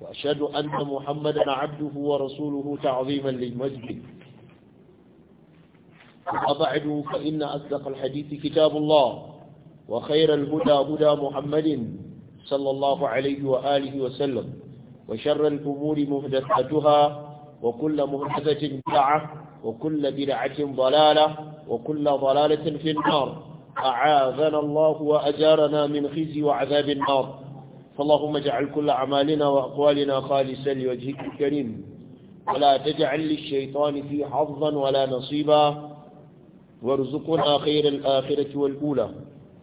وأشهد أن محمدا عبده ورسوله تعظيما للمجد وبعد فإن أصدق الحديث كتاب الله وخير الهدى هدى محمد صلى الله عليه وآله وسلم وشر الأمور مهدثتها وكل مهدثة بدعة وكل بدعة ضلالة وكل ضلالة في النار أعاذنا الله وأجارنا من خزي وعذاب النار فاللهم اجعل كل أعمالنا وأقوالنا خالصا لوجهك الكريم ولا تجعل للشيطان في حظا ولا نصيبا وارزقنا خير الآخرة والأولى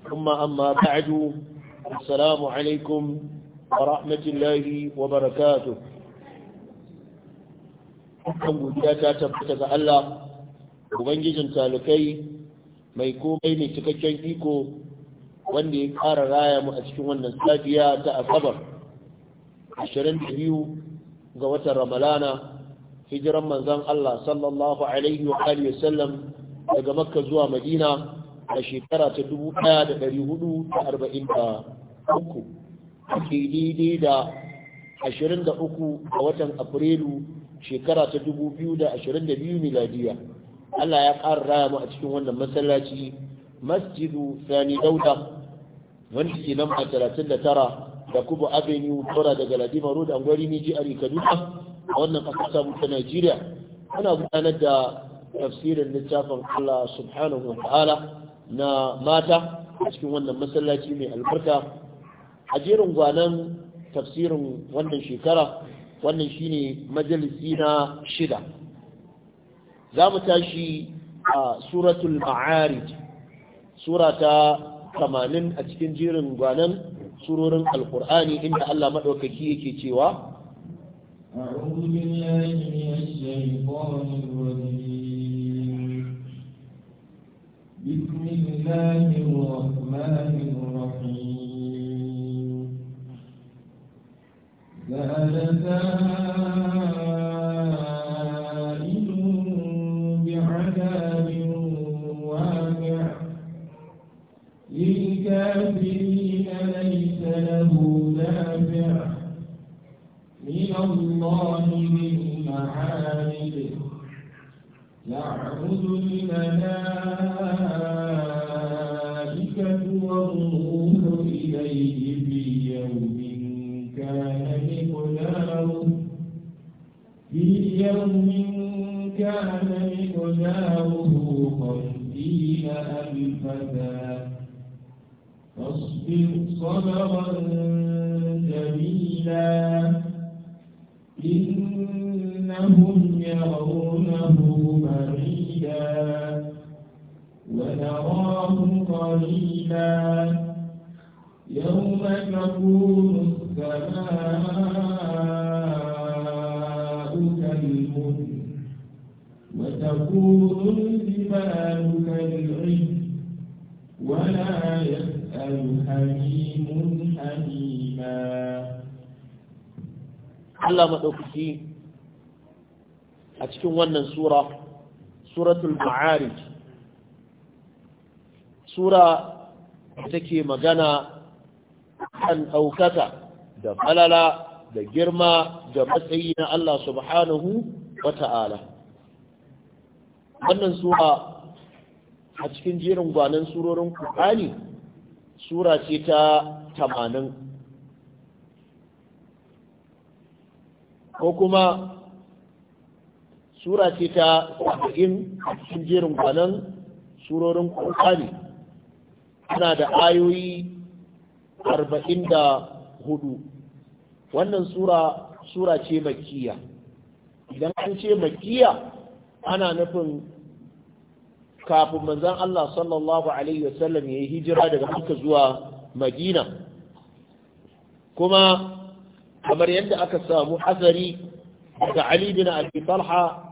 ثم أما بعد السلام عليكم ورحمة الله وبركاته kan godiya ta tabbata ga Allah ubangijin talikai mai komai mai cikakken iko wanda ya ƙara raya mu a cikin wannan safiya ta asabar 22 ga watan ramalana hijiran manzan Allah sallallahu alaihi wa alihi sallam daga makka zuwa madina a shekara ta 1443 ke daidai da 23 ga watan afrilu shekara ta 2022 miladiya Allah ya ƙara raya mu a cikin wannan masallaci masjidu sani dauda wanda ke a talatin da kubo avenue tora daga ladima road an gwari e, kaduna a wannan ƙasa samu ta najeriya ana gudanar da tafsirin littafin allah subhanahu wa ta'ala na mata a cikin wannan masallaci mai albarka a jerin gwanan tafsirin wannan shekara wannan shine majalisi na shida za mu tashi a suratul ma'arij sura ta tamanin a cikin jirin gwanan surorin alkur'ani inda Allah maɗaukaki yake cewa أعوذ بسم الله الرحمن الرحيم الله من معارف يعرض الملائكة والروح إليه في يوم كان مقداره في يوم كان مقداره خمسين ألف سنة فاصبر صبرا جميلا إنهم يرونه بعيدا ونراه قريبا يوم تكون السماء كالمهل وتكون الجبال كالعهن ولا يسأل حميم حميما Allah maɗaukaki a cikin wannan sura suratul ma'arij sura da take magana kan ɗaukaka da falala da girma da matsayi na Allah subhanahu wa ta'ala wannan sura a cikin jerin gwanon surorin ƙuƙani sura ce ta tamanin ko kuma sura ce ta 'in a cikin jerin kwanan surorin ƙurƙani ana da ayoyi arba'in da hudu wannan sura sura ce makiya idan an ce makiya ana nufin kafin manzan Allah sallallahu Alaihi wasallam ya yi hijira daga Makka zuwa Madina kuma kamar yadda aka samu hasari daga Ali bin Abi Talha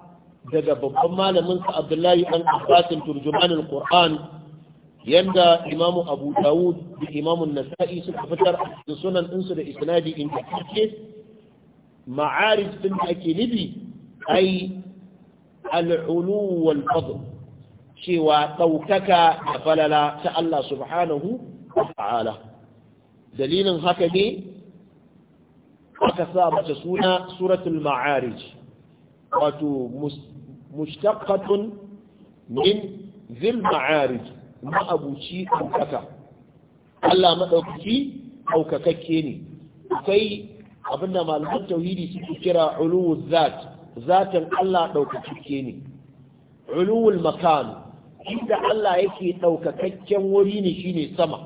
daga babban malamin sa Abdullahi an Abbas turjuman al-Qur'an yanda Imam Abu Dawud da Imam An-Nasa'i suka fitar da sunan ɗinsu da isnadi in kike ma'arij din da ake nufi ai al-ulu wal fadl cewa ɗaukaka da falala ta Allah subhanahu wa ta'ala dalilin haka ne aka sa mata suna suratul ma'arij wato mustaqqatun min zil ma'arij ma'abuci ɗaukaka Allah maɗaukaki ɗaukakakke ne akwai abinda malaman tauhidi suke kira uluwul zat zatin Allah ɗaukakakke ne uluwul makan inda Allah yake ɗaukakakken wuri ne shine sama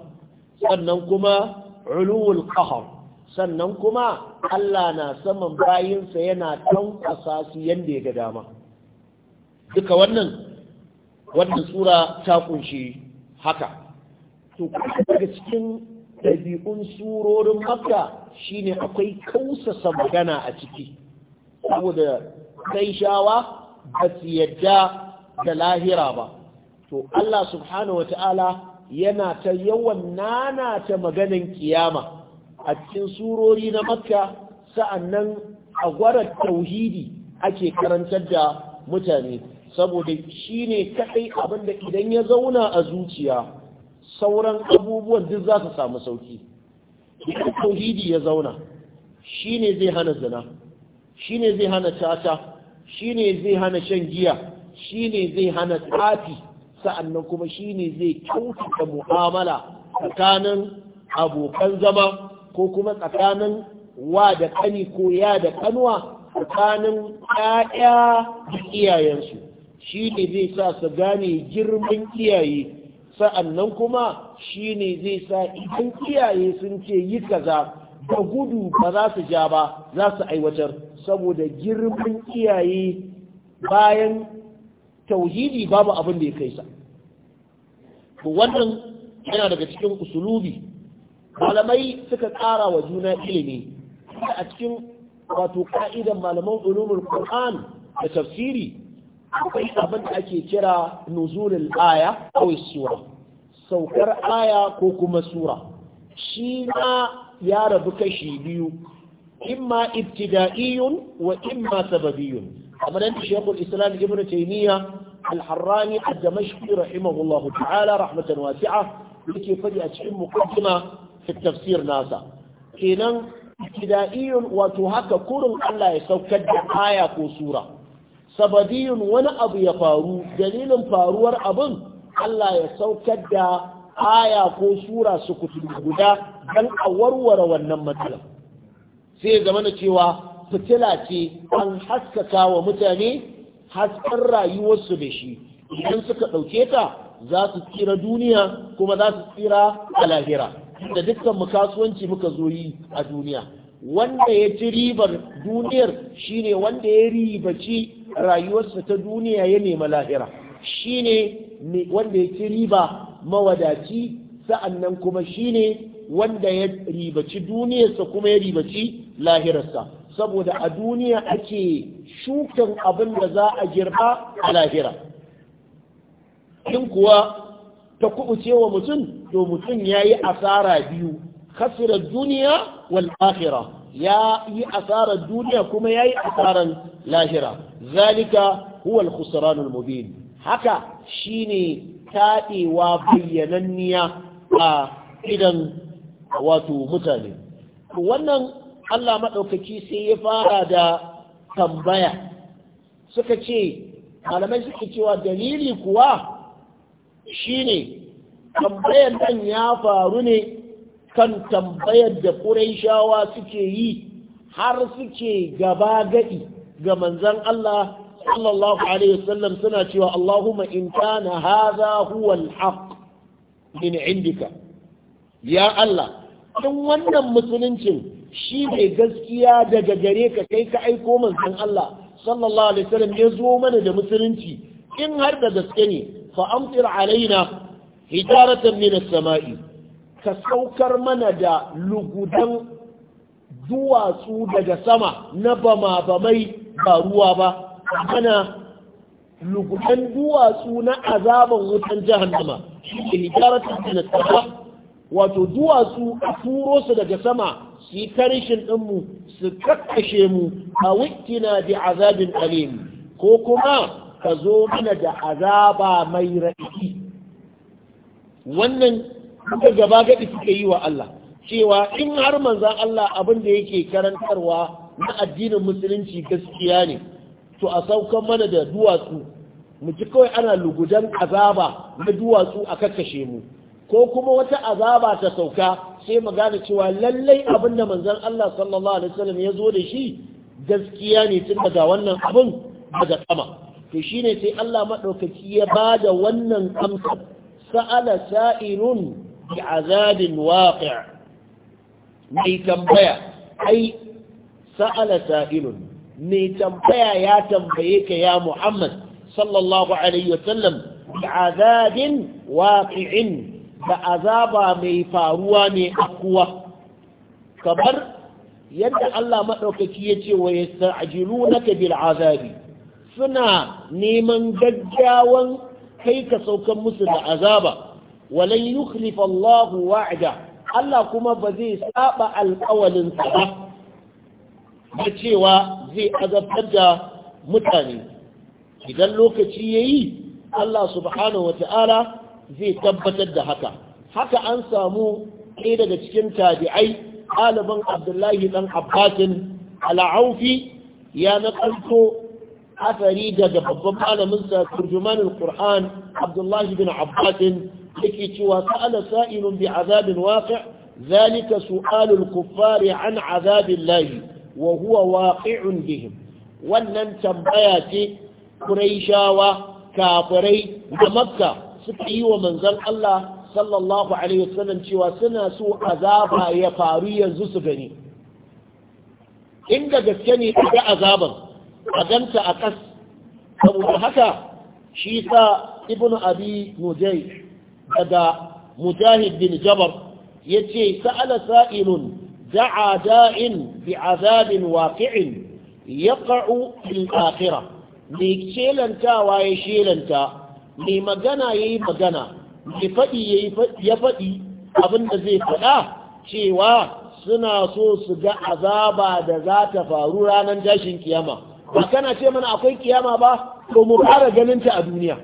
sannan kuma uluwul ƙahar. sannan kuma Allah na saman bayinsa yana tankwasa su yadda ya ga dama duka wannan wannan sura ta kunshi haka to daga cikin ɗabi'un surorin makka shine akwai kausa magana a ciki saboda kai shawa ba su yadda da lahira ba to Allah subhanahu ta'ala yana ta yawan nana ta maganin kiyama a cikin surori na makka sa'annan a gwarar tauhidi ake karantar da mutane saboda shi ne kaɗai abinda idan ya zauna a zuciya sauran abubuwan duk za su samu sauki idan tauhidi ya zauna shi ne zai hana zina shi ne zai hana tata shi ne zai hana shan giya shi ne zai hana tsafi sa'annan kuma shi ne zai kyautata mu'amala tsakanin abokan zama ko kuma tsakanin wa da kani ko ya da ƙanwa, tsakanin ƴaƴa da iyayensu shi ne zai sa su gane girman iyaye sa'annan kuma shi ne zai sa idan iyaye sun ce yi kaza da gudu ba za su ja ba za su aiwatar saboda girman iyaye bayan tauhidi babu abin da ya kai sa wannan yana daga cikin usulubi malamai suka ƙara wa juna ilimi a cikin wato ka'idan malaman ulumul qur'an da tafsiri akwai abin da ake kira nuzulul aya ko sura saukar aya ko kuma sura shi na ya rabu kashi biyu imma ibtida'iyun wa imma sababiyun kamar yadda shekul islam ibnu taymiya al-harrani ad-damashqi rahimahullahu ta'ala rahmatan wasi'a yake faɗi a cikin muqaddima fi tafsir nasa kenan ibtida'iyun wato haka kurin Allah ya saukar da aya ko sura sabadiyun wani abu ya faru dalilin faruwar abun Allah ya saukar da haya ko sura su kutu guda don a warware wannan matsalar sai zama na cewa fitila ce an haskaka wa mutane hasken rayuwarsu da shi idan suka ɗauke ta za su tsira duniya kuma za su tsira a lahira da dukkan mu kasuwanci muka zo yi a duniya wanda ya ci ribar duniyar shine wanda ya ribaci rayuwarsa ta duniya ya nema lahira shine wanda ya ci riba mawadaci sa'annan kuma shine wanda ya ribaci duniyarsa kuma ya ribaci lahirarsa saboda a duniya ake shukan abin da za a girba a lahira in kuwa ta kubuce wa mutum to mutum ya yi asara biyu kasirar duniya wal akhira ya yi asarar duniya kuma ya yi asarar lahira zalika huwal al mubin haka shine taɗewa bayyananniya a idan wato mutane wannan Allah maɗaukaki sai ya fara da tambaya suka ce malamai suka cewa dalili kuwa shine tambayar nan ya faru ne kan tambayar da ƙuraishawa suke yi har suke gaba gadi ga manzan Allah sallallahu alaihi wasallam suna cewa Allahumma in kana hadha huwa al-haq min indika ya Allah in wannan musuluncin shi ne gaskiya daga gare ka kai ka aiko manzan Allah sallallahu alaihi wasallam ya zo mana da musulunci in har da gaske ne fa'amtir alaina hijaratan min samai ka saukar mana da lugudan duwatsu daga sama na bama bamai ba ruwa ba mana lugudan duwatsu na azaban wutan jahannama shi hijaratan min as-sama wato duwatsu a turo su daga sama su yi karishin ɗinmu su kakkashe mu a wikina bi azabin alim ko kuma ka zo mana da azaba mai raɗi wannan duka gaba gaɗi suka yi wa Allah cewa in har manzan Allah abin da yake karantarwa na addinin musulunci gaskiya ne to a saukan mana da duwatsu mu ji kawai ana lugudan azaba na duwatsu a kakkashe mu ko kuma wata azaba ta sauka sai mu gane cewa lallai abinda da manzon Allah sallallahu alaihi wasallam ya zo da shi gaskiya ne tun daga wannan abin daga sama to shine sai Allah madaukaki ya da wannan amsar sa'ala sa'irun bi azabin waqi' mai tambaya ai sa'ala sa'irun mai tambaya ya tambaye ka ya Muhammad sallallahu alaihi wasallam bi azabin waqi'in da azaba mai faruwa ne akuwa kamar yadda Allah maɗaukaci ya ce wa yasta'jilunaka bil azabi suna neman gaggawan kai ka saukan musu da azaba walan yukhlifa Allah wa'da Allah kuma ba zai saba alƙawalin sa ba da cewa zai azabtar da mutane idan lokaci yayi Allah subhanahu wata'ala zai tabbatar da haka haka an samu ɗaya daga cikin tabi'ai ɗaliban Abdullahi ɗan Abbasin al'aufi ya naƙalto asari daga babban malamin sa turjuman alquran abdullahi bin abbas yake cewa sa'ala sa'ilun bi azabin waqi' zalika su'alul kuffari an azabillahi wa wahuwa waqi'un bihim wannan tambaya ce quraishawa kafirai da makka suka yi wa manzon Allah sallallahu alaihi wasallam cewa suna so azaba ya faru yanzu su gani inda gaske ne ga azaban a ganta a kas saboda haka shi sa ibn abi mujay daga mujahid bin jabar ce, sa'ala sa'ilun da'a da'in bi azabin ya yaqa'u fil akhirah mai shelantawa ya shelanta mai magana yayi magana mai faɗi ya faɗi abinda zai faɗa cewa suna so su ga azaba da za ta faru ranar tashin kiyama ba kana ce mana akwai kiyama ba to mu fara ganin ta a duniya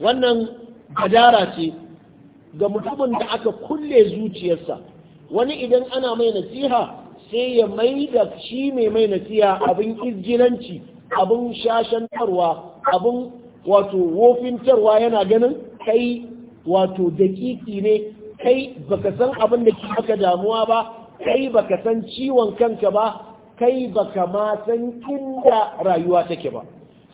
wannan gajara ce ga mutumin da aka kulle zuciyarsa wani idan ana mai nasiha sai ya mai da shi mai mai nasiha abin izgilanci abin shashantarwa abin wato wofintarwa yana ganin kai wato dakiki ne kai baka san abin da ke aka damuwa ba kai baka san ciwon kanka ba kai baka ma san inda rayuwa take ba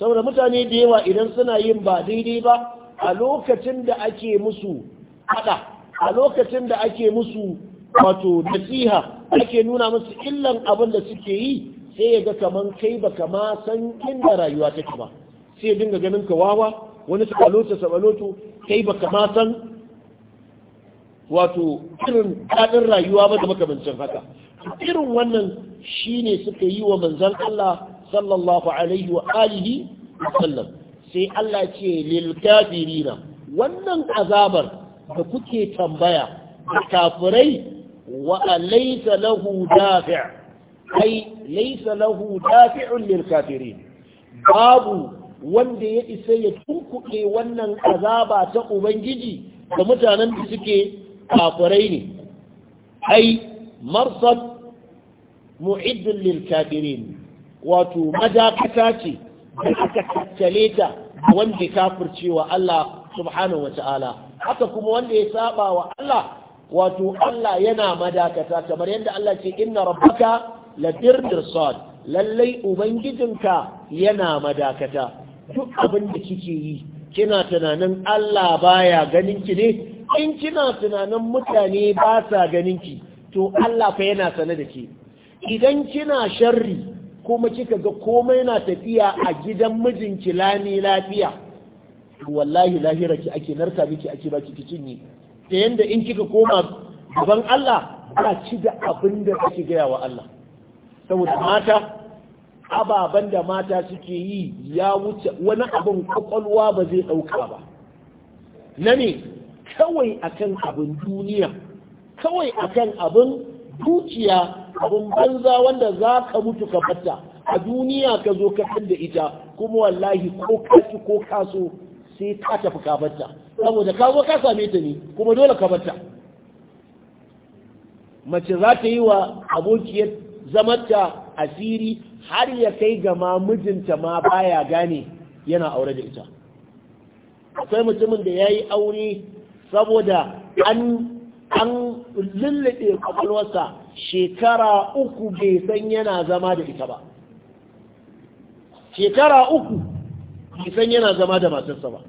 saboda mutane da yawa idan suna yin ba daidai ba a lokacin da ake musu hada a lokacin da ake musu wato nasiha ake nuna musu illan abin da suke yi sai ya ga kaman kai baka ma san inda rayuwa take ba sai ya dinga ganin ka wawa wani sabaloto sabaloto kai baka ma san wato irin daɗin rayuwa ba da makamancin haka irin wannan shine suka yi wa manzon Allah sallallahu alaihi wa alihi wasallam sai Allah ce lil kafirina wannan azabar da kuke tambaya da kafirai wa alaysa lahu dafi' ai laysa lahu dafi'un babu wanda ya isa ya tunkuɗe wannan azaba ta ubangiji da mutanen da suke kafirai ne ai marsad mu'iddin lil kafirin wato madakata ce da aka tattale ta wanda kafircewa Allah subhanahu wata'ala haka kuma wanda ya saba wa Allah wato Allah yana madakata kamar yadda Allah ce inna rabbaka ladir mirsad lallai ubangijinka yana madakata duk abin da kike yi kina tunanin Allah baya ganin ki ne in kina tunanin mutane ba sa ganin ki to Allah fa yana sane da ke idan kina sharri kuma kika ga komai na tafiya a gidan mijinki lami lafiya to wallahi lahira ki ake narka miki ake ba ki cinye da yanda in kika koma gaban Allah ba ci da abin da kake gaya wa Allah saboda mata ababen da mata suke yi ya wuce wani abin kwakwalwa ba zai ɗauka ba na ne kawai akan abin duniya kawai akan abin dukiya abin banza wanda za ka mutu ka fata a duniya ka zo ka da ita kuma wallahi ko kaci ko kaso sai ka tafi ka fata saboda ka zo ka same ta ne kuma dole ka fata mace za ta yi wa abokiyar zamanta asiri har ya kai ga ma mijinta ma baya gane yana aure da ita akwai mutumin da ya yi aure saboda an lullube kwakwalwarsa shekara uku bai san yana zama da ita ba shekara uku bai san yana zama da matarsa ba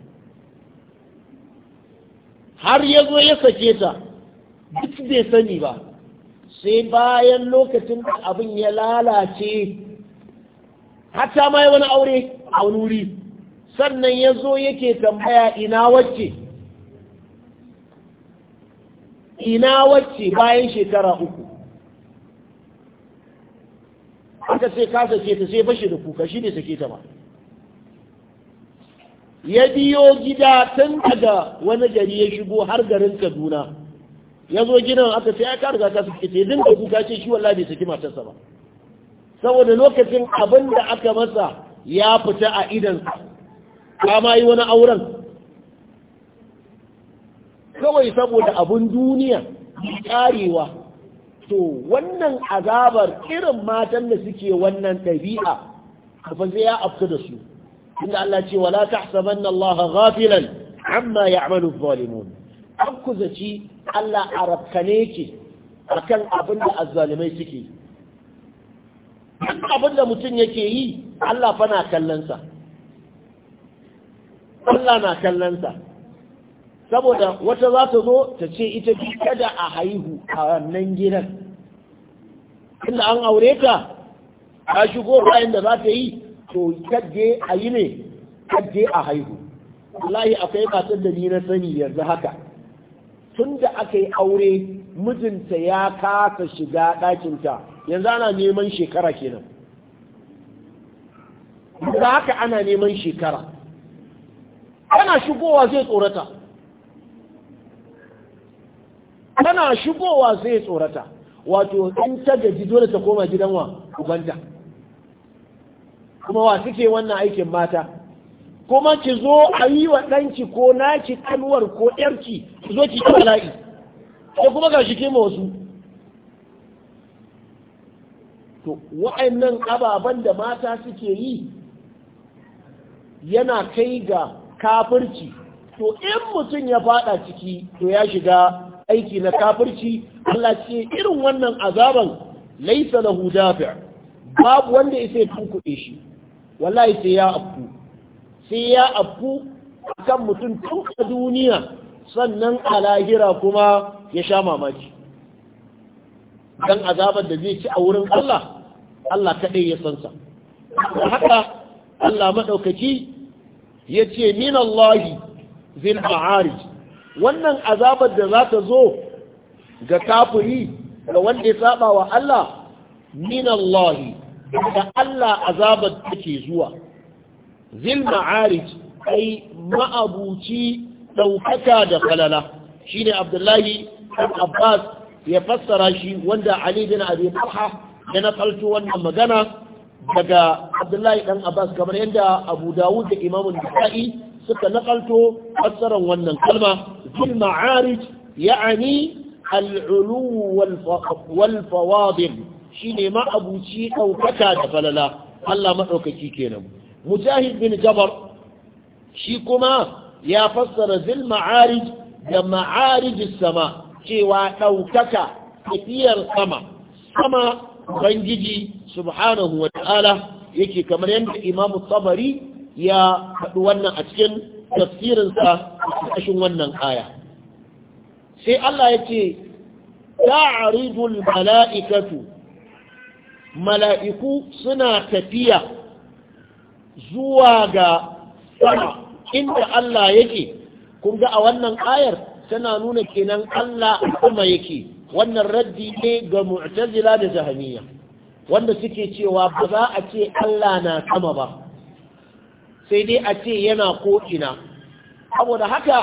har ya zo ya sake ta duk bai sani ba sai bayan lokacin da abin ya lalace hata ma wani aure a wuri sannan ya zo yake tambaya ina wacce ina wacce bayan shekara uku aka sai ka sake ta sai fashe da kuka shi ne sake ta ba ya biyo gida tun daga wani gari ya shigo har garin kaduna ya zo gidan aka sai aka riga ta sake ta yi. dinga kuka ce shi wallahi bai saki matarsa ba saboda lokacin abin da aka masa ya fita a idansa kama yi wani auren kawai saboda abun duniya karewa to wannan azabar irin matan da suke wannan ɗabi'a kafin sai ya afka da su inda Allah ce wala tahsabanna Allah ghafilan amma ya'malu adh-dhalimun akuzaci Allah ke a akan abin da azzalimai suke abin da mutum yake yi Allah fa na kallonsa Allah na saboda wata za ta zo ta ce ita bi kada a haihu a wannan gidan inda an aure ta a shigo bayan da za ta yi to kadde a yi ne kadde a haihu wallahi akwai matan da ni na sani yanzu haka tun da aka yi aure mijinta ya kasa shiga ɗakinta yanzu ana neman shekara kenan da haka ana neman shekara ana shigowa zai tsorata tana shigowa sai ya tsorata wato in ta gaji dole ta koma gidan wa ubanta kuma wa suke wannan aikin mata kuma ki zo a yi wa ɗanki ko naki kanuwar ko ƴarki ki zo ki yi la'i. sai kuma ga shi kima wasu to wa'annan ababen da mata suke yi yana kai ga kafirci to in mutum ya faɗa ciki to ya shiga aiki na kafirci Allah ce irin wannan azaban laisa lahu dafi' babu wanda ya sai tunkuɗe shi wallahi sai ya afku sai ya afku akan mutum tun a duniya sannan a lahira kuma ya sha mamaki dan azabar da zai ci a wurin Allah Allah kaɗai ya sansa sa haka Allah maɗaukaci yace ce min a zin wannan azabar da za ta zo ga kafiri ga wanda ya saba wa Allah minallahi da Allah azabar take zuwa zil ma'arij ai ma'abuci daukaka da falala shine Abdullahi ibn Abbas ya fassara shi wanda Ali bin Abi Talha ya nakalto wannan magana daga Abdullahi dan Abbas kamar yadda Abu Dawud da Imam Nasa'i suka nakalto fassaran wannan kalma في المعارج يعني العلو والفواضل شيني ما أبو شيء أو كتاد فللا الله مدعوك كينا مجاهد بن جبر شيكما يا فسر ذي المعارج معارج السماء cewa ɗaukaka tafiyar sama sama ubangiji subhanahu wa ta'ala yake kamar yadda imamu tabari ya faɗi wannan a cikin tafsirinsa a ƙashin wannan aya sai Allah ya ce ta'aridul mala'ikatu mala'iku suna tafiya zuwa ga sama inda Allah yake kun ga a wannan ayar tana nuna kenan Allah kuma yake wannan raddi ne ga mu'tazila da jahaniya wanda suke cewa ba za a ce Allah na sama ba sai dai a ce yana ko'ina saboda haka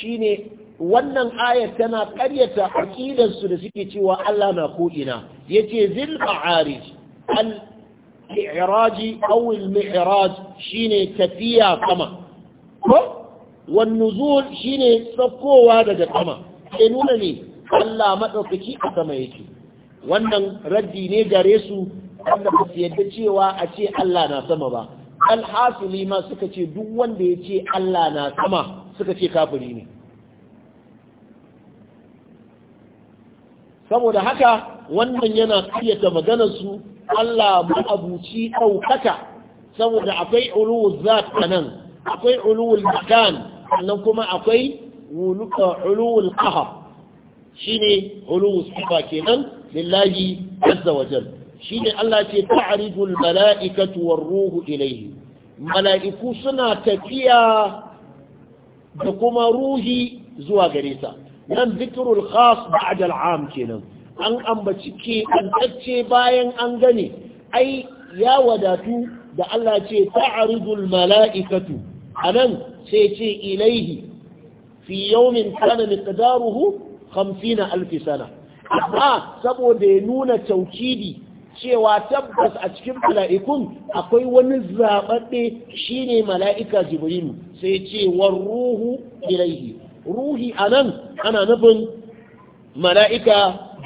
shine wannan ayar tana karyata ƙidansu da suke cewa Allah na ko'ina yace zil ma'arij al mi'raji aw al shine tafiya kama. ko wan nuzul shine saukowa daga kama. sai nuna ne Allah madaukaki a sama yake wannan raddi ne gare su wanda ba su yadda cewa a ce Allah na sama ba alhasili ma suka ce duk wanda ya ce Allah na sama suka ce kafiri ne saboda haka wannan yana kayyata maganarsu Allah ma'abuci ɗaukaka saboda akwai uluwul zat nan akwai uluwul makan sannan kuma akwai uluwul qahar shine uluwul sifa kenan lillahi azza wajalla ne Allah ce ta mala'ikatu war ruhu ilaihi. mala'iku suna tafiya da kuma ruhi zuwa gare sa nan zikrul khas ba'da al'am kenan an ambaci ke antacce bayan an gane ai ya wadatu da Allah ce ta'rijul mala'ikatu anan sai ce ilaihi fi yawmin kana miqdaruhu 50 alf sana amma saboda ya nuna taukidi cewa tabbas a cikin mala'ikun akwai wani zaɓaɓɓe shine mala'ika jibrilu sai ce war ruhu ilaihi ruhi anan ana nufin mala'ika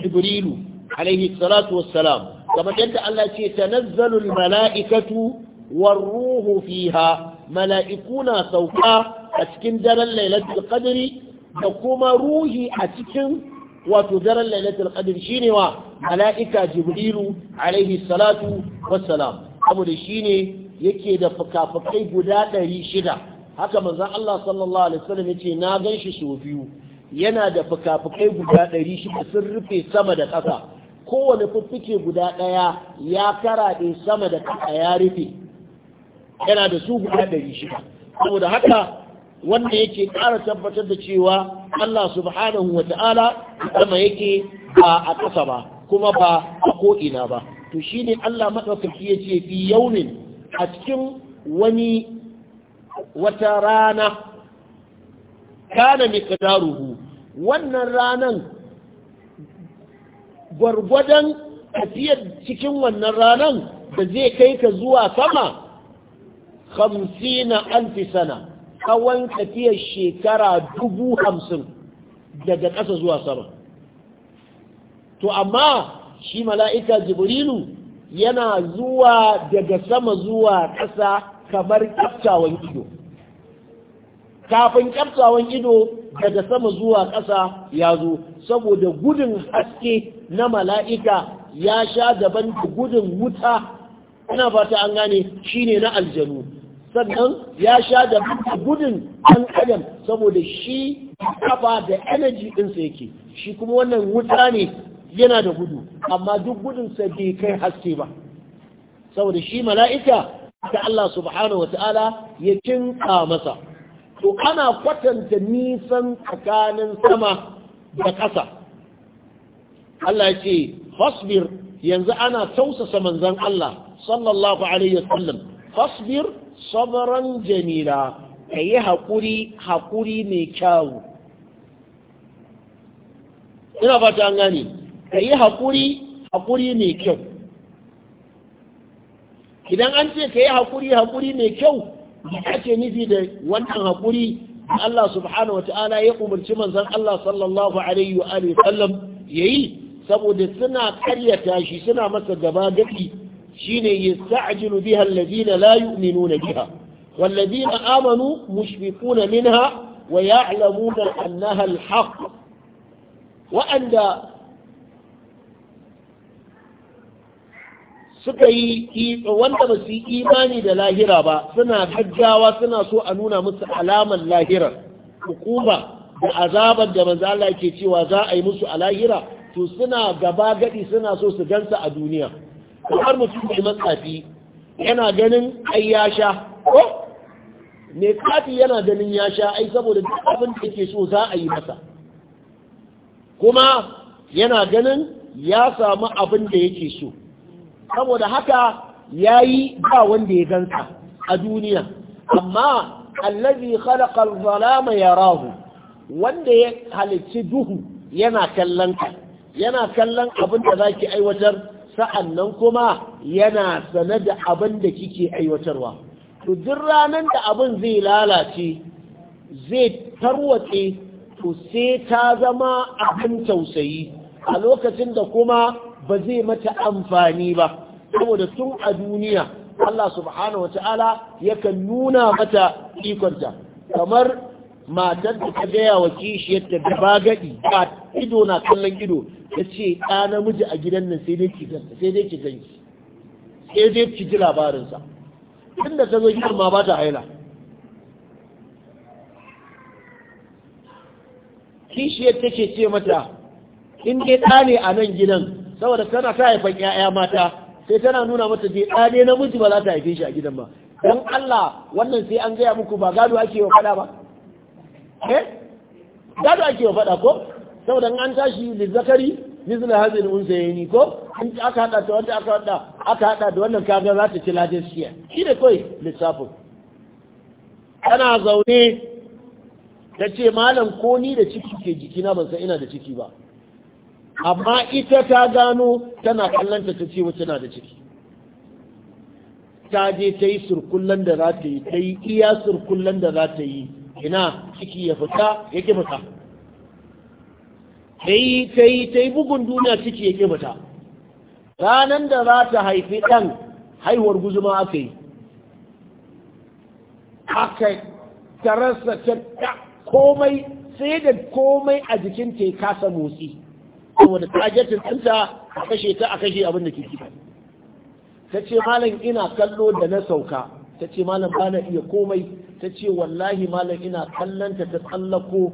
jibrilu alaihi salatu wassalam kamar yadda Allah ce tanazzalul mala'ikatu war ruhu fiha na sauka a cikin daren lailatul qadri da kuma ruhi a cikin wato daren lailatul qadr shine wa mala'ika jibrilu alaihi salatu wassalam saboda shine yake da fukafukai guda ɗari shida haka manzon Allah sallallahu alaihi wasallam yace na ganshi sau biyu yana da fukafukai guda ɗari shida sun rufe sama da ƙasa kowane fuffuke guda ɗaya ya karaɗe sama da ƙasa ya rufe yana da su guda ɗari shida saboda haka wanda yake ƙara tabbatar da cewa Allah subhanahu wa ta'ala sama yake ba a ƙasa ba kuma ba a ko'ina ba to shi ne Allah maɗaukaki ya ce fi yaunin a cikin wani wata rana kana ruhu. wannan ranan gwargwadon tafiyar cikin wannan ranan da zai kai ka zuwa sama 50 alfisana. sana tsawon tafiyar shekara dubu hamsin daga ƙasa zuwa sama to amma shi mala'ika jibrilu yana zuwa daga sama zuwa ƙasa kamar kyaftawan ido kafin kyaftawan ido daga sama zuwa ƙasa ya zo saboda gudun haske na mala'ika ya sha daban da gudun wuta ina fata an gane shine na aljanu sannan ya sha da gudun ɗan adam saboda shi kafa da energy ɗinsa yake shi kuma wannan wuta ne yana da gudu amma duk gudunsa bai kai haske ba saboda shi mala'ika ta Allah subhanahu wa ta'ala ya kinka masa to ana kwatanta nisan tsakanin sama da ƙasa Allah ya ce fasbir yanzu ana tausasa manzan Allah sallallahu alaihi wasallam fasbir sabaran jamila ka yi haƙuri haƙuri mai kyawu ina ba an gani ka yi haƙuri haƙuri mai kyau idan an ce ka yi haƙuri haƙuri mai kyau da ake nufi da wannan haƙuri Allah subhanahu wata'ala ya umarci manzan Allah sallallahu alaihi wa sallam ya yi saboda suna karyata shi suna masa gaba gafi shine yasta'jilu biha alladhina la yu'minuna biha والذين آمنوا مشفقون منها ويعلمون أنها الحق وأن suka yi wanda ba su yi imani da lahira ba suna hajjawa suna so a nuna musu alamar lahira hukuma da azabar da manzo Allah ke cewa za a yi musu a lahira to suna gaba gadi suna so su gansa a duniya kamar mutum mai matsafi yana ganin ai ya sha ko mai kafi yana ganin ya sha ai saboda duk abin da yake so za a yi masa kuma yana ganin ya samu abin da yake so saboda haka ya yi ba wanda ya gansa a duniya amma allazi khalaqal zalama yarahu wanda ya halicci duhu yana kallon ka yana kallon abin da zaki aiwatar Sa'annan kuma yana sane da abin da kike aiwatarwa to jin ranar da abin zai lalace zai tarwatse to sai ta zama abin tausayi a lokacin da kuma ba zai mata amfani ba saboda tun a duniya Allah subhanahu wa ta'ala yakan nuna mata ikonta kamar matar da ta gaya wa yadda da ba gadi ba ido na kallon ido ta ce ɗa namiji a gidan nan sai dai ki ganki sai dai ki sai dai ki ji labarinsa inda ta zo gidan ma ba ta haila kishiyar ta ce ce mata in dai ɗa ne a nan gidan saboda tana ta haifan 'ya'ya mata sai tana nuna mata dai ɗa ne namiji ba za ta haife shi a gidan ba don Allah wannan sai an gaya muku ba gado ake wa fada ba eh gado ake faɗa ko saboda an tashi lizzakari mizla hazin unsayni ko in aka hada ta wanda aka hada aka hada da wannan kaga za ta ci ladin shiya shi ne kawai lissafin tana zaune ta ce malam ko ni da ciki ke jikina ban san ina da ciki ba amma ita ta gano tana kallon ta ce wacce na da ciki ta je ta yi surkullen da za ta yi ta yi iya surkullen da za ta yi ina ciki ya fita ya ƙi fita ta yi ta yi ta bugun duniya ciki ya ƙi fita ranar da za ta haifi ɗan haihuwar guzuma aka yi aka tarasa ta komai sai da komai a jikin ta kasa motsi saboda tajetin ɗinta a kashe ta a kashe abin da ke kifa ta ce malam ina kallo da na sauka ta ce malam ba na iya komai ta ce wallahi malam ina kallanta ta tsallako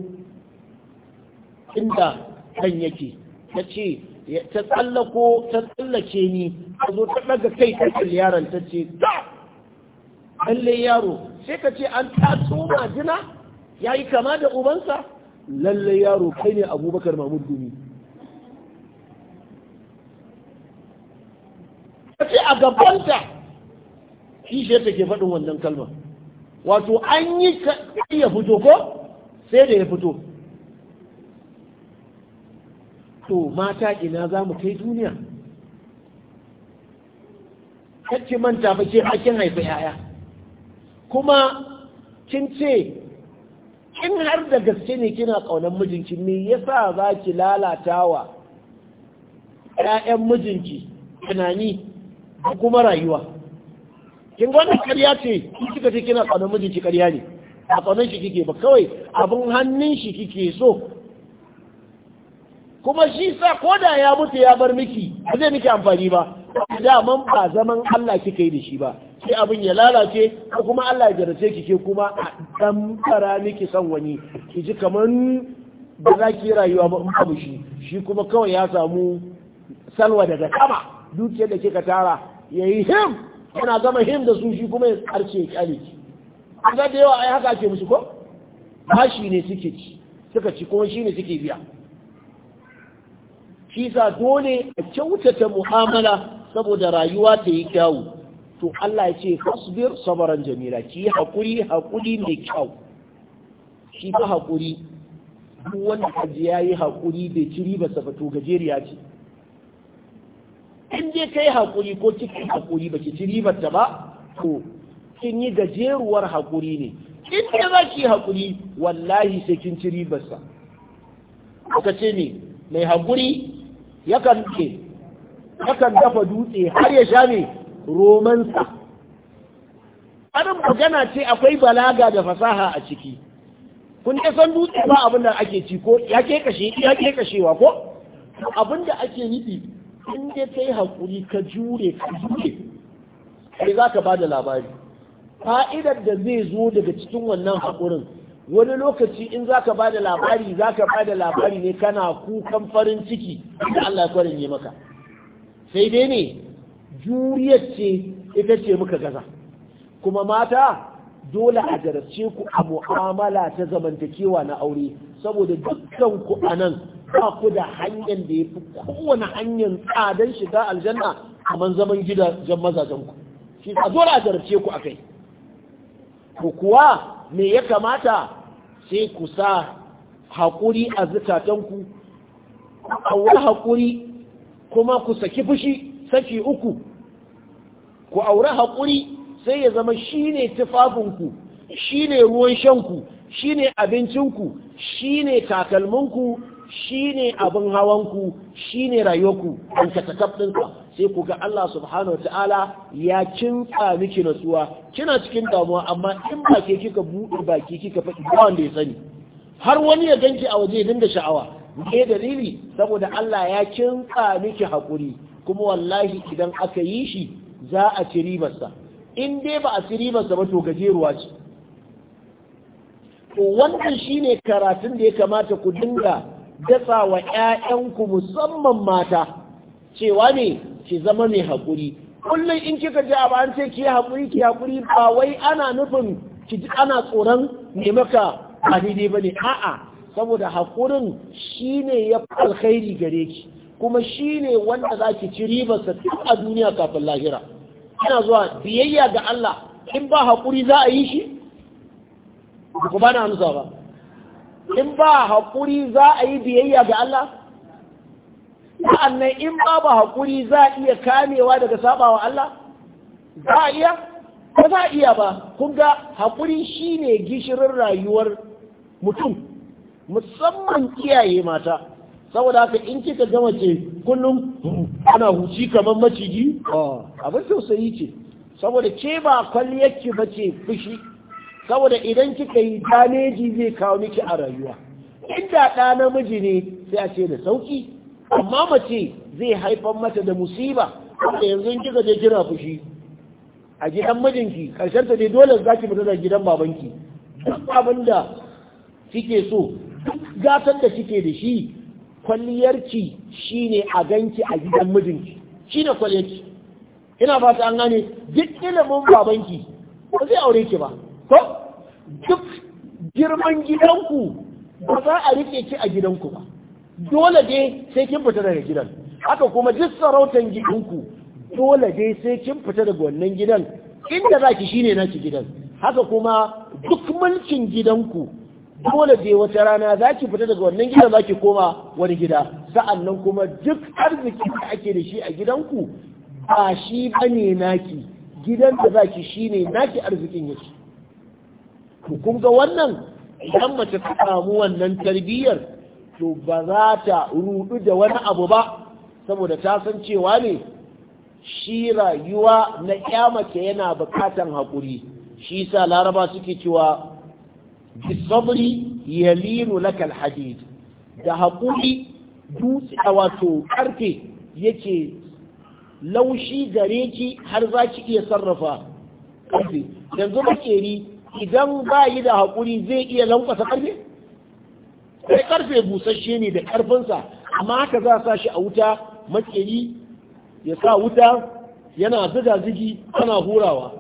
inda kan yake ta ce ta tsallako ta tsallake ni ta zo ta ɗaga kai ta yaron ta ce ta yaro sai ka ce an taso jina? ya yi kama da ubansa lalle yaro kai ne abubakar mahmud dumi ta ce a gabanta shi take faɗin wannan kalmar wato an yi ya fito ko sai da ya fito to mata ina za mu kai duniya kacce manta fa ce kin haifi yaya kuma kin ce in har da gaske ne kina kaunar mijinki me yasa za ki lalata wa 'ya'yan mijinki tunani da kuma rayuwa kin wannan ƙarya ce kika ce kina tsanan mijinki ƙarya ne a tsanan shi kike ba kawai abin hannun shi kike so kuma shi sa ko da ya mutu ya bar miki ba zai miki amfani ba daman ba zaman Allah kika yi da shi ba sai abin ya lalace ko kuma Allah ya jarace ki ke kuma a dan fara miki son wani ki ji kaman ba za ki rayuwa ba in babu shi shi kuma kawai ya samu salwa daga kama dukiyar da kika tara yayi him yana zama him da su shi kuma ya karce ya kyale ki an ga da yawa ai haka ake musu ko bashi ne suke ci suka ci kuma shine suke biya shi sa dole a kyautata mu'amala saboda rayuwa ta yi kyawu to Allah ya ce fasbir sabaran jamila ki hakuri hakuri mai kyau shi ba hakuri duk wanda kaji yayi hakuri bai ci riba sa ba gajeriya ce in je kai haƙuri ko cikin haƙuri ba ki ci ribar ta ba to kin yi gajeruwar haƙuri ne in da za ki haƙuri wallahi sai kin ci ribar sa ka ce ne mai haƙuri yakan yakan dafa dutse har ya sha roman romansa anan magana ce akwai balaga da fasaha a ciki kun ya san dutse ba abin da ake ci ko ya ke kashe ya ke kashewa ko abin da ake nufi in dai ka yi haƙuri ka jure ka jure sai za ka ba da labari fa'idar da zai zo daga cikin wannan haƙurin wani lokaci in za ka ba da labari za ka ba da labari ne kana kukan farin ciki da Allah ya kwarin maka sai dai ne juriyar ce ita ce muka gaza kuma mata dole a jarabce ku a mu'amala ta zamantakewa na aure saboda dukkan ku a nan ba ku da hanyar da ya fi kowane hanyar tsadan shiga aljanna kamar zaman gidajen mazajen ku shi a dole a jarabce ku kai? ku kuwa me ya kamata sai ku sa haƙuri a zikatanku aure haƙuri kuma ku saki fushi saki uku ku aure haƙuri sai ya zama shine tufafinku shine ruwan shanku shine abincinku shine takalminku shi ne abin hawanku shine rayuwarku an katakaf ɗinka sai ku ga Allah subhanahu ta'ala ya kinta miki natsuwa kina cikin damuwa amma in ba ke kika buɗe baki kika faɗi ba wanda ya sani har wani ya ganki a waje dinga sha'awa ne dalili saboda Allah ya kinta miki hakuri kuma wallahi idan aka yi shi za a ci ribarsa in dai ba a ci ribarsa ba to gajeruwa ce to wannan shine karatun da ya kamata ku dinga dasa wa ‘ya'yanku musamman mata cewa ne ki zama mai haƙuri kullum in kika ji abu an ce ki haƙuri ki haƙuri ba wai ana nufin ki ji ana tsoron nemaka a ba daidai ba ne a'a saboda haƙurin shi ne ya alkhairi gare ki kuma shi ne wanda za ki ci ribarsa duk a duniya kafin lahira Ina zuwa biyayya ga Allah in ba haƙuri za a yi shi ba na amsa ba in ba haƙuri za a yi biyayya ga Allah sa'annan in ba ba haƙuri za a iya kamewa daga sabawa Allah za a iya ba za a iya ba kun ga haƙuri ne gishirin rayuwar mutum musamman kiyaye mata saboda haka in kika ga mace kullum ana huci kamar maciji ah, abin tausayi ce saboda ke ba kwalliyarki ba ce fushi saboda idan kika yi daneji zai kawo miki a rayuwa inda ɗa namiji ne sai a ce da sauki amma mace zai haifan mata da musiba wanda yanzu kika je kira fushi a gidan mijinki karshen ta dai dole za ki fita da gidan babanki duk abin da kike so duk gatan da kike da shi kwalliyarki shine a ganki a gidan mijinki shine kwalliyarki ina fata an gane duk ilimin babanki ba zai aure ki ba ko duk girman gidanku ba za a rike ki a gidanku ba dole dai sai kin fita daga gidan haka kuma duk sarautan gidanku dole dai sai kin fita daga wannan gidan inda za ki shine naki gidan haka kuma duk mulkin gidanku dole dai wata rana za ki fita daga wannan gidan za ki koma wani gida sa'annan kuma duk arziki da ake da shi a gidanku ba shi bane naki gidan da za ki shine naki arzikin yake to kun ga wannan idan mace ta samu wannan tarbiyyar to ba za ta rudu da wani abu ba saboda ta san cewa ne shi rayuwa na kyamace yana bukatan haƙuri shi sa laraba suke cewa bisabri yalinu lakal hadid da haƙuri dutse a wato ƙarfe yake laushi gare ki har za ki iya sarrafa ƙarfe yanzu makeri idan ba yi da haƙuri zai iya lankwasa ƙarfe sai ƙarfe busasshe ne da ƙarfinsa amma haka za sa shi a wuta makeri ya sa wuta yana zuga zigi ana hurawa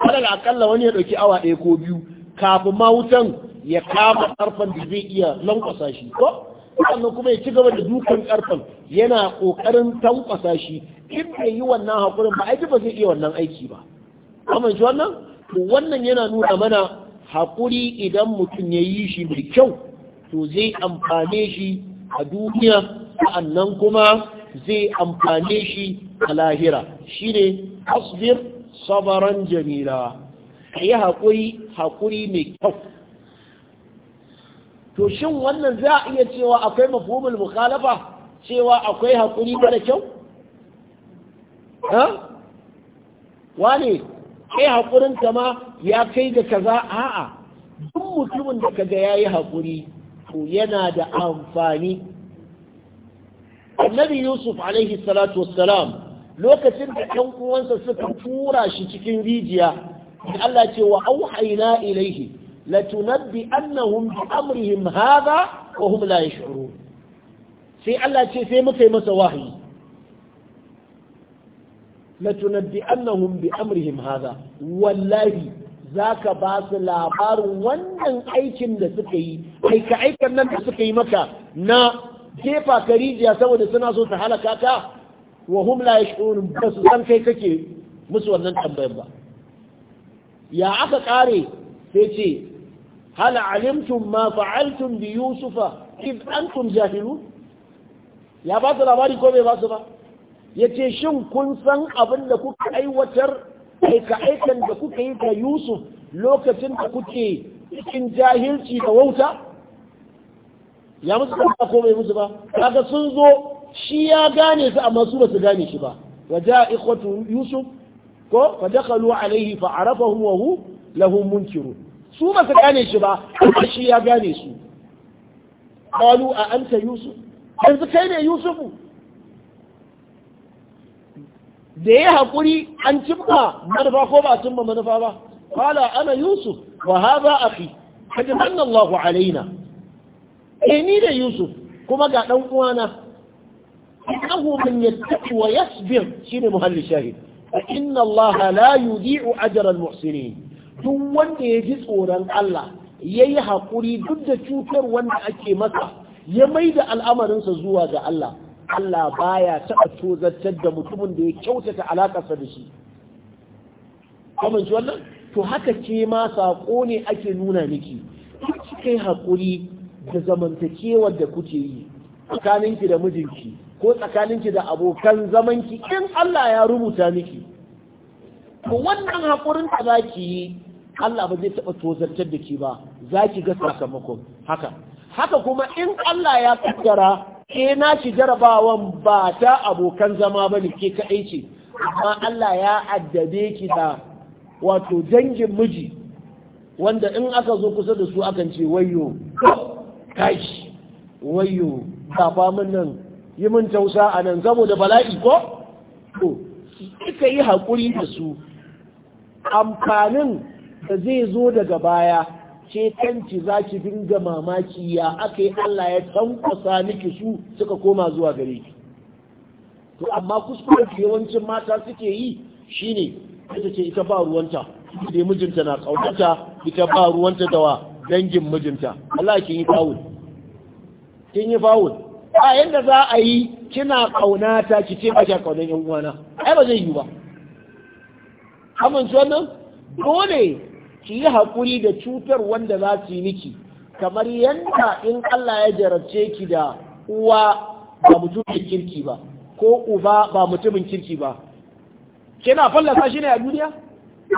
alal akalla wani ya ɗauki awa ɗaya ko biyu kafin ma wutan ya kama ƙarfen da zai iya lankwasa shi ko sannan kuma ya ci gaba da dukan ƙarfen yana ƙoƙarin tankwasa shi in bai yi wannan haƙurin ba aiki ba zai iya wannan aiki ba amince wannan to wannan yana nuna mana haƙuri idan mutum ya yi shi mai kyau to zai amfane shi a duniya sa'annan kuma zai amfane shi a lahira shi ne asbir sabaran jamila ka yi haƙuri haƙuri mai kyau to shin wannan za a iya cewa akwai mafhumul mukhalafa cewa akwai haƙuri mara kyau? ha? wane kai haƙurin ka ma ya kai da kaza a'a duk mutumin da kaga ya yi haƙuri to yana da amfani annabi yusuf alaihi salatu wassalam lokacin da ɗan uwansa suka tura shi cikin rijiya Allah ce wa auhayna ilaihi latunabbi annahum bi amrihim hadha wa hum la yash'urun sai Allah ce sai muka yi masa wahayi latunabbi'annahum bi amrihim hadha wallahi zaka ba su labarin wannan aikin da suka yi aika aikan nan da suka yi maka na jefa karijiya saboda suna so ta halaka ka wa hum la yash'urun ba su san kai kake musu wannan tambayar ba ya aka kare sai ce hal alimtum ma fa'altum bi yusufa id antum jahilun ya basu labari ko bai basu ba ya ce shin kun san abin da kuka aiwatar aika-aikan da kuka yi ga yusuf lokacin da kuke cikin jahilci da wauta ya musu kanta ko bai musu ba kaga sun zo shi ya gane su amma su ba su gane shi ba waje a ikwatu yusuf ko a fadakalu alaihi fa'arafahum wa hu lahum munkiru su ba su gane shi ba amma shi ya gane su Kalu a anta yusuf yanzu kai ne yusufu da ya haƙuri an cimma manufa ko ba a cimma manufa ba kala ana yusuf wa haza akhi kaji manallahu alaina E ni da yusuf kuma ga ɗan uwana innahu man yattaqi wa yasbir shine muhalli shahid inna Allah la yudi'u ajra muhsinin duk wanda ya ji tsoron Allah yayi haƙuri duk da cutar wanda ake masa ya maida al'amarinsa zuwa ga Allah Allah baya taɓa tozartar da mutumin da ya kyautata alaƙarsa da shi kamar shi wannan to haka ce ma saƙo ne ake nuna miki kika yi haƙuri da zamantakewar da kuke yi tsakaninki da mijinki ko tsakaninki da abokan zamanki in Allah ya rubuta miki to wannan haƙurin da za ki yi Allah ba zai taɓa tozartar da ki ba za ki ga sakamakon haka haka kuma in Allah ya kaddara ke eh, na ci jarabawan ba ta abokan zama ba ne ke ka ce amma Allah ya addabe ki da wato dangin miji wanda in aka zo kusa da su akan ce wayo kashi wayo kafa min nan yi min tausa a nan zamo da bala'i ko? to kika yi haƙuri da su amfanin da zai zo daga baya ke kanci za ki dinga mamaki ya aka yi Allah ya tankwasa miki su suka koma zuwa gare ki to amma kuskuren yawancin mata suke yi shine ita ce ita ba ruwanta da mijinta na kautata ita ba ruwanta da dangin mijinta Allah kin yi fawul kin yi fawul a yadda za a yi kina ƙaunata ki ce ba kya kaunan yan uwana ai ba zai yi ba amince dole ki yi haƙuri da cutar wanda za su yi miki kamar yanka in Allah ya jarabce ki da uwa ba mutumin kirki ba ko uba ba mutumin kirki ba kina fallasa shi ne a duniya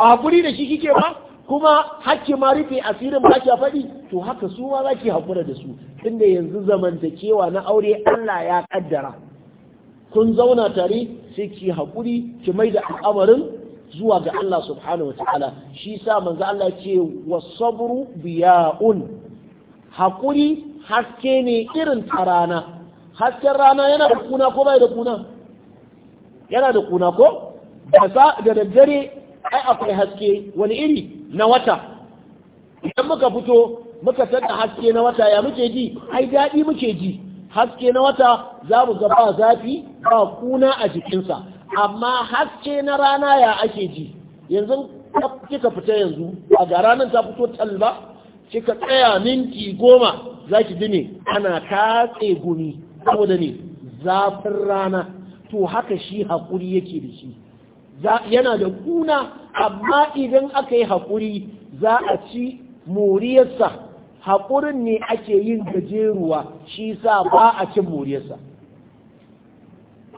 a haƙuri da shi kike ba kuma hakki ma rufe asirin ba ki faɗi to haka su ma za ki haƙura da su tunda yanzu zamantakewa na aure Allah ya ƙaddara kun zauna tare sai ki haƙuri ki mai da al'amarin zuwa ga Allah subhanahu wataala shi sa manzo Allah ce wasabru biya'un hakuri haske ne irin ta rana hasken rana yana da kuna ko bai da kuna yana da kuna ko da daddare ai akwai haske wani iri na wata idan muka fito muka tada haske na wata ya muke ji ai daɗi muke ji haske na wata za mu ga ba zafi ba kuna a jikinsa amma haske na rana ya ake ji yanzu kika fita yanzu a ga ranar ta fito talba kika tsaya minti goma za ki ne, ana tatse gumi saboda ne zafin rana to haka shi haƙuri yake da shi yana da kuna amma idan aka yi haƙuri za a ci moriyarsa haƙurin ne ake yin gajeruwa shi sa ba a cin moriyarsa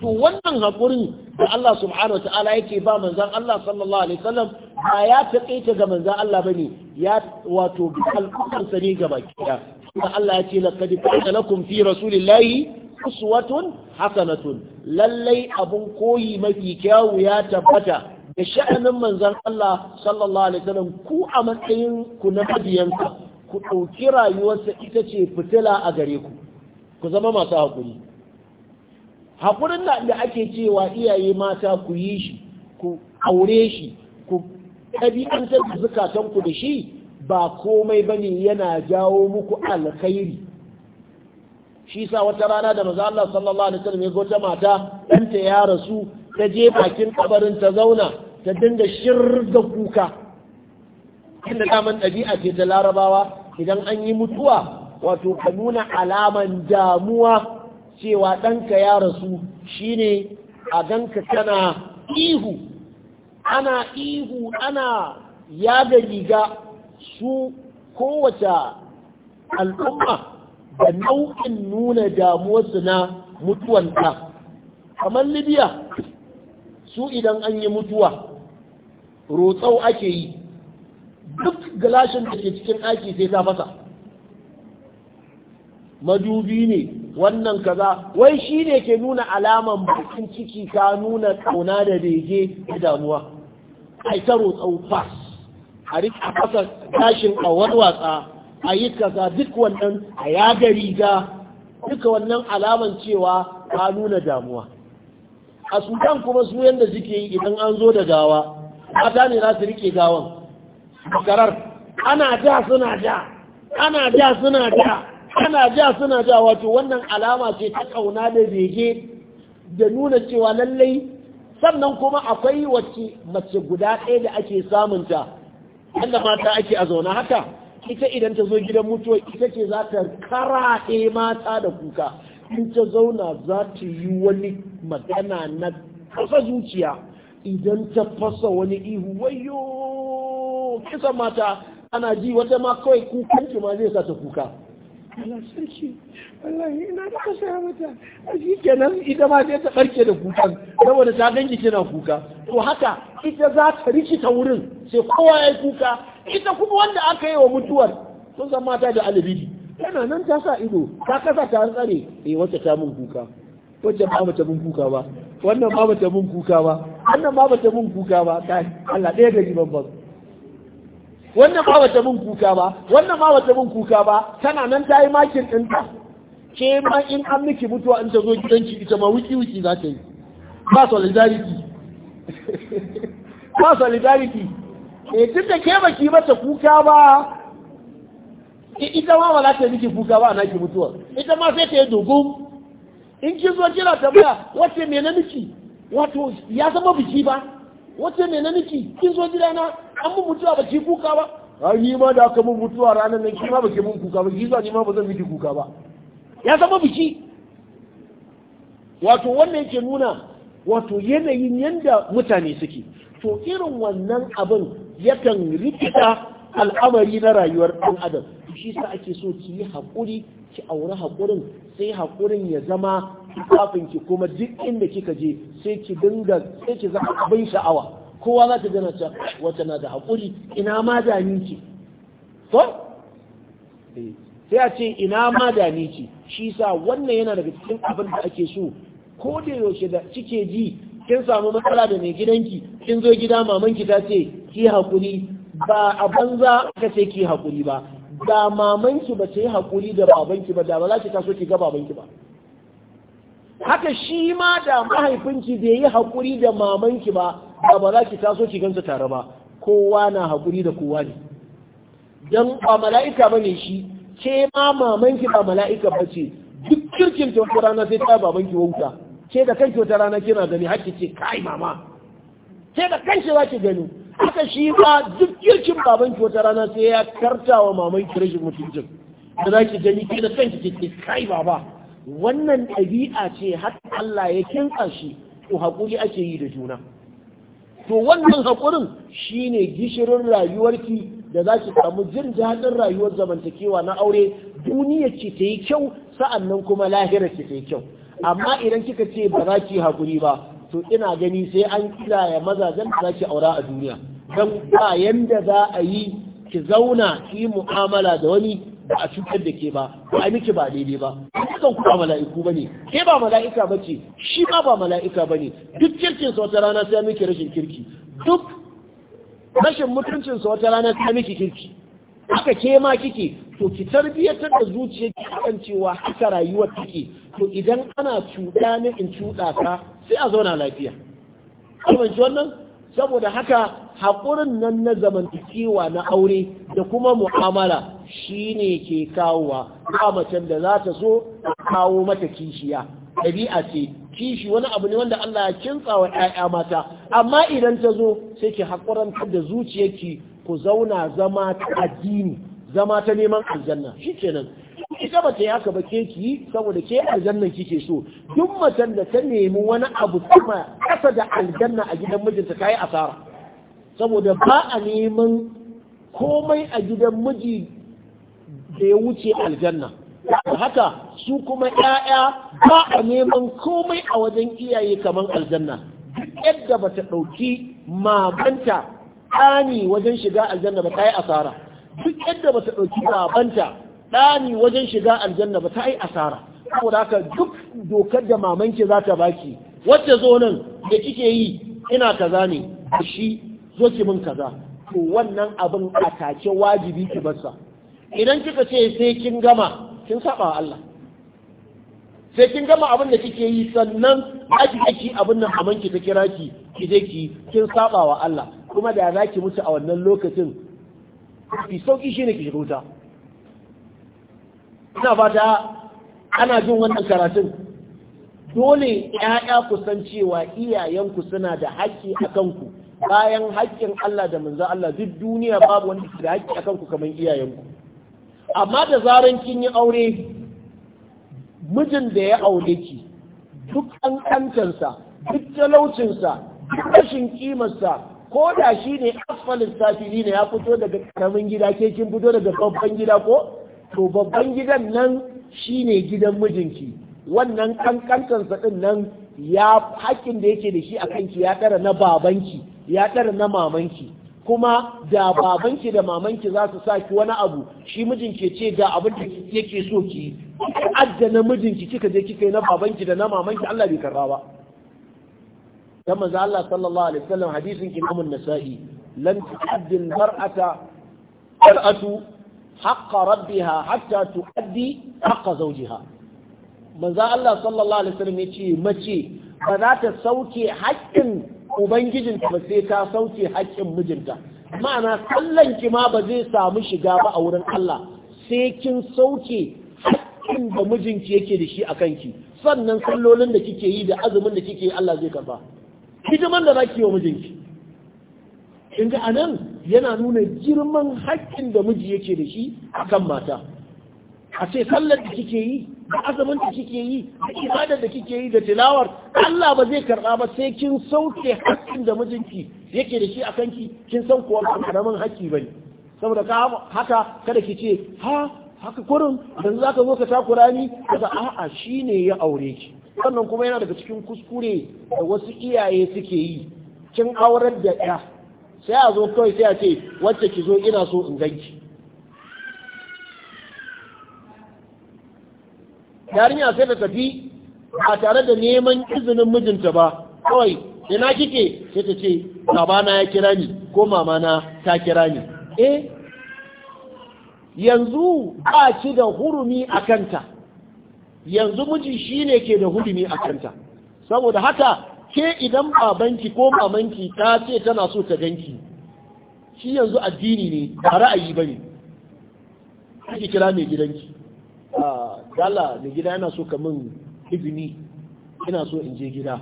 to wannan haƙurin da Allah subhanahu ta'ala yake ba manzan Allah sallallahu alaihi wasallam ba ya taƙaita ga manzan Allah bane ya wato alƙuran sa ne ga baki da Allah ya ce laqad kana lakum fi rasulillahi uswatun hasanatun lallai abun koyi mafi kyau ya tabbata da sha'anin manzan Allah sallallahu alaihi wasallam ku a matsayin ku na mabiyansa ku ɗauki rayuwarsa ita ce fitila a gare ku ku zama masu haƙuri haƙurin da ake cewa iyaye mata ku yi shi ku aure shi ku ɗabi'antar da zukatanku da shi ba komai bane yana jawo muku alkhairi shi sa wata rana da maza Allah sallallahu alaihi wasallam ya ga wata mata ɗanta ya rasu ta je bakin kabarin ta zauna ta dinga shirga kuka inda zaman ɗabi'a ce ta larabawa idan an yi mutuwa wato ka nuna alaman damuwa cewa ɗanka ya rasu shine a ganka kana ihu ana ihu ana yaga riga su kowace al'umma da nau'in nuna damuwarsu na mutuwanta kamar libya su idan an yi mutuwa rotsau ake yi duk galashin da ke cikin aiki sai ta fasa madubi ne wannan kaza wai shi ne ke nuna alaman bakin ciki ka nuna kauna da bege da damuwa ai taro tsaufa a rika kasa tashin a watsa a yi kaza duk wannan a yaga riga duka wannan alaman cewa ka nuna damuwa a sudan kuma su yadda suke yi idan an zo da gawa mata ne za su rike gawan makarar ana da suna da ana da suna da ana ja suna ja wato wannan alama ce ta kauna da bege da nuna cewa lallai sannan kuma akwai wacce mace guda ɗaya da ake samunta wanda mata ake a zaune haka ita idan ta zo gidan mutuwa ita ce za ta karaɗe mata da kuka in ta zauna za ta yi wani magana na kasa zuciya idan ta fasa wani ihu wayo kisan mata ana ji wata ma kawai kukanki ma zai sa ta kuka Allah sarki wallahi ina da kasaya mata shi kenan ita ma sai ta barke da kukan saboda ta ganki kina kuka to haka ita za ta rikita wurin sai kowa ya kuka ita kuma wanda aka yi wa mutuwar sun san mata da alibidi tana nan ta sa ido ta kasa ta tsare eh wacce ta mun kuka wacce ba mata mun kuka ba wannan ba mata mun kuka ba wannan ba mata mun kuka ba Allah ɗaya gari ban ba wannan ba wata mun kuka ba wannan ba wata mun kuka ba tana nan ta yi makin ta ke ma in an miki mutuwa in ta zo gidanki ita ma wuki wuki za ta yi ba solidarity ba solidarity e eh, tun da ke baki mata kuka ba ita ma ba za ta yi miki kuka ba a naki mutuwa ita ma sai ta yi dogon in kin zo kira tambaya wace me na miki wato ya zama biki ba wace mai na kin zo gidana an mun mutuwa ba ki kuka ba ai ni ma da aka mun mutuwa ranar nan ki ma ba ki mun kuka ba ki za ni ma ba zan miki kuka ba ya zama biki wato wannan yake nuna wato yanayin yanda mutane suke to irin wannan abin yakan rikita al'amari na rayuwar ɗan adam shi sa ake so ki yi haƙuri ki aure haƙurin sai haƙurin ya zama tufafin ki kuma duk inda kika je sai ki dinga sai ki zama abin sha'awa kowa za ta gana ta wata na da haƙuri ina ma da ni ki to eh, sai a ce ina ma da ni ki shi sa wannan yana daga cikin abin da ake so ko da yaushe da kike ji kin samu matsala da mai gidanki kin zo gida mamanki ta ce ki haƙuri ba a banza ka ce ki haƙuri ba da mamanki ba ta yi haƙuri da babanki ba da ba za ki taso ki ga babanki ba haka shi ma da mahaifinki bai yi haƙuri da mamanki ba da ba za ki taso ki gansa tare ba kowa na haƙuri da kowa ne don ba mala'ika ba ne shi ce ma mamanki ba mala'ika ba ce duk kirkin ta wata rana sai ta babanki wauta ce da kanki wata rana kina gani hakki ce kai mama ce da kanki za ki gani haka shi ba duk kirkin babanki wata rana sai ya karta wa mamanki rashin mutuncin da za ki gani ke da kanki ce kai baba wannan ɗabi'a ce har Allah ya kinsa shi to haƙuri ake yi da juna to wannan haƙurin shine gishirin rayuwarki da za ki samu jin daɗin rayuwar zamantakewa na aure duniya ce ta yi kyau sa'annan kuma lahira ce ta yi kyau amma idan kika ce ba za ki haƙuri ba to ina gani sai an ya mazajen da za ki aura a duniya don ba yanda za a yi ki zauna ki mu'amala da wani ba a cutar da ke ba ba a miki ba daidai ba dukan ku ba mala'iku bane ke ba mala'ika bace shi ba ba mala'ika bane duk kirkin sa wata rana sai miki rashin kirki duk rashin mutuncin sa wata rana sai miki kirki haka ke ma kike to ki tarbiyyatar da zuciya ki kan cewa haka rayuwar take to idan ana cuɗa ne in cuɗa ka sai a zauna lafiya kuma wannan saboda haka haƙurin nan na zamantakewa na aure da kuma mu'amala shi ne ke kawowa ba macen da za ta so kawo mata kishiya ɗabi'a ce kishi wani abu ne wanda Allah ya kintsa wa ‘ya'ya mata amma idan ta zo sai ki haƙurantar da zuciyarki ku zauna zama ta addini zama ta neman aljanna shi kenan ita mace ya ka bake ki saboda ke aljannan kike so duk macen da ta nemi wani abu kuma kasa da aljanna a gidan mijinta ta yi asara saboda ba a neman komai a gidan miji sai ya wuce aljanna haka su kuma ‘ya'ya ba a neman komai a wajen iyaye kamar aljanna yadda ba ta ɗauki mamanta ɗani wajen shiga aljanna ba ta yi asara duk yadda ba ta ɗauki babanta ɗani wajen shiga aljanna ba ta yi asara saboda haka duk dokar da mamanki za ta baki wacce zo nan da kike yi ina kaza ne shi zo ki min kaza to wannan abin a take wajibi ki barsa idan kika ce sai kin gama kin saba Allah sai kin gama abin da kike yi sannan aji ki abin nan aman ki ta kira ki ki je ki kin saba wa Allah kuma da za ki mutu a wannan lokacin ki sauki shine ki shiga wuta ina fata ana jin wannan karatun dole 'ya'ya ku san cewa iyayenku suna da haƙƙi a kanku bayan haƙƙin Allah da manzo Allah duk duniya babu wanda ke da haƙƙi a kanku kamar iyayenku amma da zaran kin yi aure mijin da ya aure ki duk ƙanƙantansa duk talaucinsa duk rashin ƙimarsa ko da shi ne asfalin safili ne ya fito daga karamin gida ke kin fito daga babban gida ko to babban gidan nan shi ne gidan mijinki wannan ƙanƙantarsa ɗin nan ya haƙƙin da yake da shi a kanki ya ɗara na babanki ya ɗara na mamanki kuma da babanki da mamanki za su saki wani abu shi mijin ke ce ga abin da yake so ki addana mijinki kika je kika yi na babanki da na mamanki Allah bai karba ba dan manzo Allah sallallahu alaihi wasallam hadisin Imam an-Nasa'i lan tu'addi al-mar'ata mar'atu haqqa rabbiha hatta tu'addi haqqa zawjiha manzo Allah sallallahu alaihi wasallam yace mace ba za ta sauke haƙƙin ubangijinta ba sai ta sauke haƙƙin mijinta ma'ana ki ma ba zai samu shiga ba a wurin Allah sai kin sauke haƙƙin da mijinki yake da shi a kanki sannan sallolin da kike yi da azumin da kike yi Allah zai karba hidiman da zaki wa mijinki kin anan yana nuna girman haƙƙin da miji yake da shi akan mata a ce sallar da kike yi da azumin da kike yi da ibadar da kike yi da tilawar Allah ba zai karba ba sai kin sauke hakkin da mijinki yake da shi a kanki kin san kuwa ba karamin hakki bane saboda ka haka kada ki ce ha haka kurin yanzu zaka zo ka takura ni kaga a'a shine ya aure ki Wannan kuma yana daga cikin kuskure da wasu iyaye suke yi kin aurar da ɗaya sai a zo kawai sai a ce wacce ki zo ina so in ganki yarinya sai ta tafi a tare da neman izinin mijinta ba kawai ina kike sai ta ce babana ya kira ni ko mamana ta kira ni eh yanzu ba ki da hurumi a kanta yanzu miji shine ke da hurumi a kanta saboda haka ke idan babanki ko mamanki ta ce tana so ta ganki shi yanzu addini ne ba ra'ayi bane kike kira mai gidanki a ah. yalla da gida yana so ka min izini ina so in je gida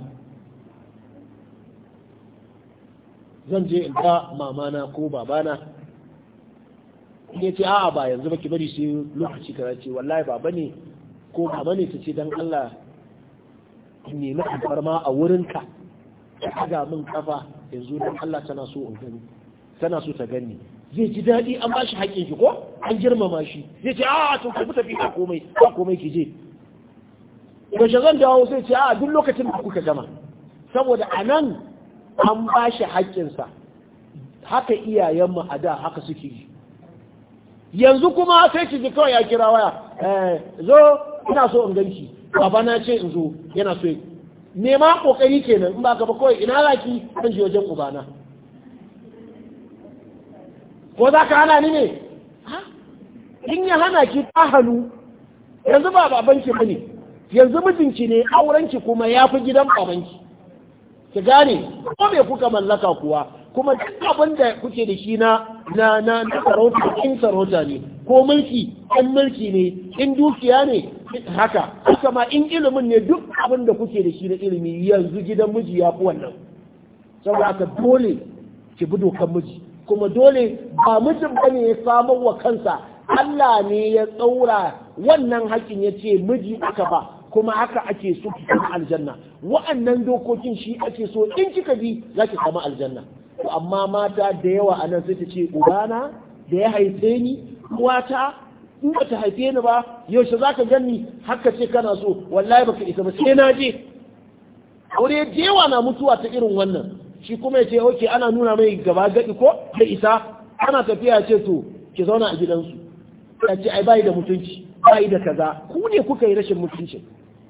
zan je in ta, mamana ko babana ya ce a'a ba yanzu ba ki bari sai lokaci kara ce wallahi baba ne ko baba ne ta ce don Allah nemi alfarma a wurinka ka ga min kafa yanzu don Allah tana so in gani tana so ta gani zai ji daɗi an ba shi haƙƙin ki ko an girmama shi zai ce a ah, to ku tafi a komai a komai ki je yaushe zan dawo zai ce a ah, duk lokacin da kuka gama saboda a nan an ba shi haƙƙinsa haka iyayenmu a da haka suke yi yanzu kuma sai ki ji kawai ya kira waya eh, zo ina so in ganki baba na ce in zo yana so nema kokari kenan in ba ka ba kawai ina zaki zan je wajen ubana ko za ka hana ni ne in ya hana ki ta hannu yanzu ba babanki ba ne yanzu mijinki ne aurenki kuma ya fi gidan babanki ki gane ko me kuka mallaka kuwa kuma duk abin da kuke da shi na na na sarauta in sarauta ne ko mulki in mulki ne in dukiya ne haka haka ma in ilimin ne duk abin da kuke da shi na ilimi yanzu gidan miji ya fi wannan saboda aka dole ki bi dokan miji kuma dole ba ba ne ya samar wa kansa Allah ne ya tsaura wannan haƙin ya ce miji aka ba kuma haka ake so ki samu aljanna wa'annan dokokin shi ake so in kika bi za ki samu aljanna to amma mata da yawa a nan sai ta ce ubana da ya haife ni uwata in ba ta haife ni ba yaushe za ka ni? haka ce kana so wallahi baka isa ba sai na je aure da yawa na mutuwa ta irin wannan shi kuma ya ce oke ana nuna mai gaba gaɗi ko da isa ana tafiya ce to ki zauna a gidansu ya ce ai bayi da mutunci bayi da kaza ku ne kuka yi rashin mutuncin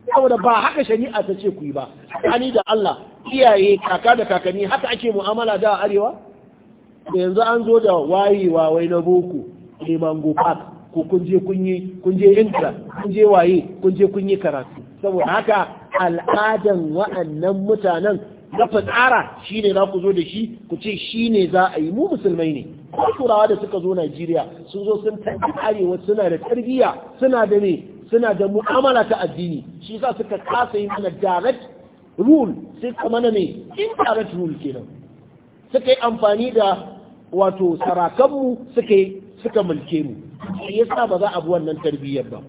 saboda ba haka shari'a ta ce ku yi ba tsakani da Allah iyaye kaka da kakanni haka ake mu'amala da arewa da yanzu an zo da wayewa wai na boko Mango Park ko kun je kun yi kun je intra kun je waye kun je kun yi karatu saboda haka al'adan wa'annan mutanen na fitsara shi ne za ku zo da shi ku ce shi ne za a yi mu musulmai ne ko turawa da suka zo najeriya sun zo sun tafi arewa suna da tarbiyya suna da ne suna da mu'amala ta addini shi sa suka kasa yi mana direct rule sai kuma na ne indirect rule kenan suka yi amfani da wato sarakanmu suka yi suka mulke mu shi yasa ba za a bi wannan tarbiyyar ba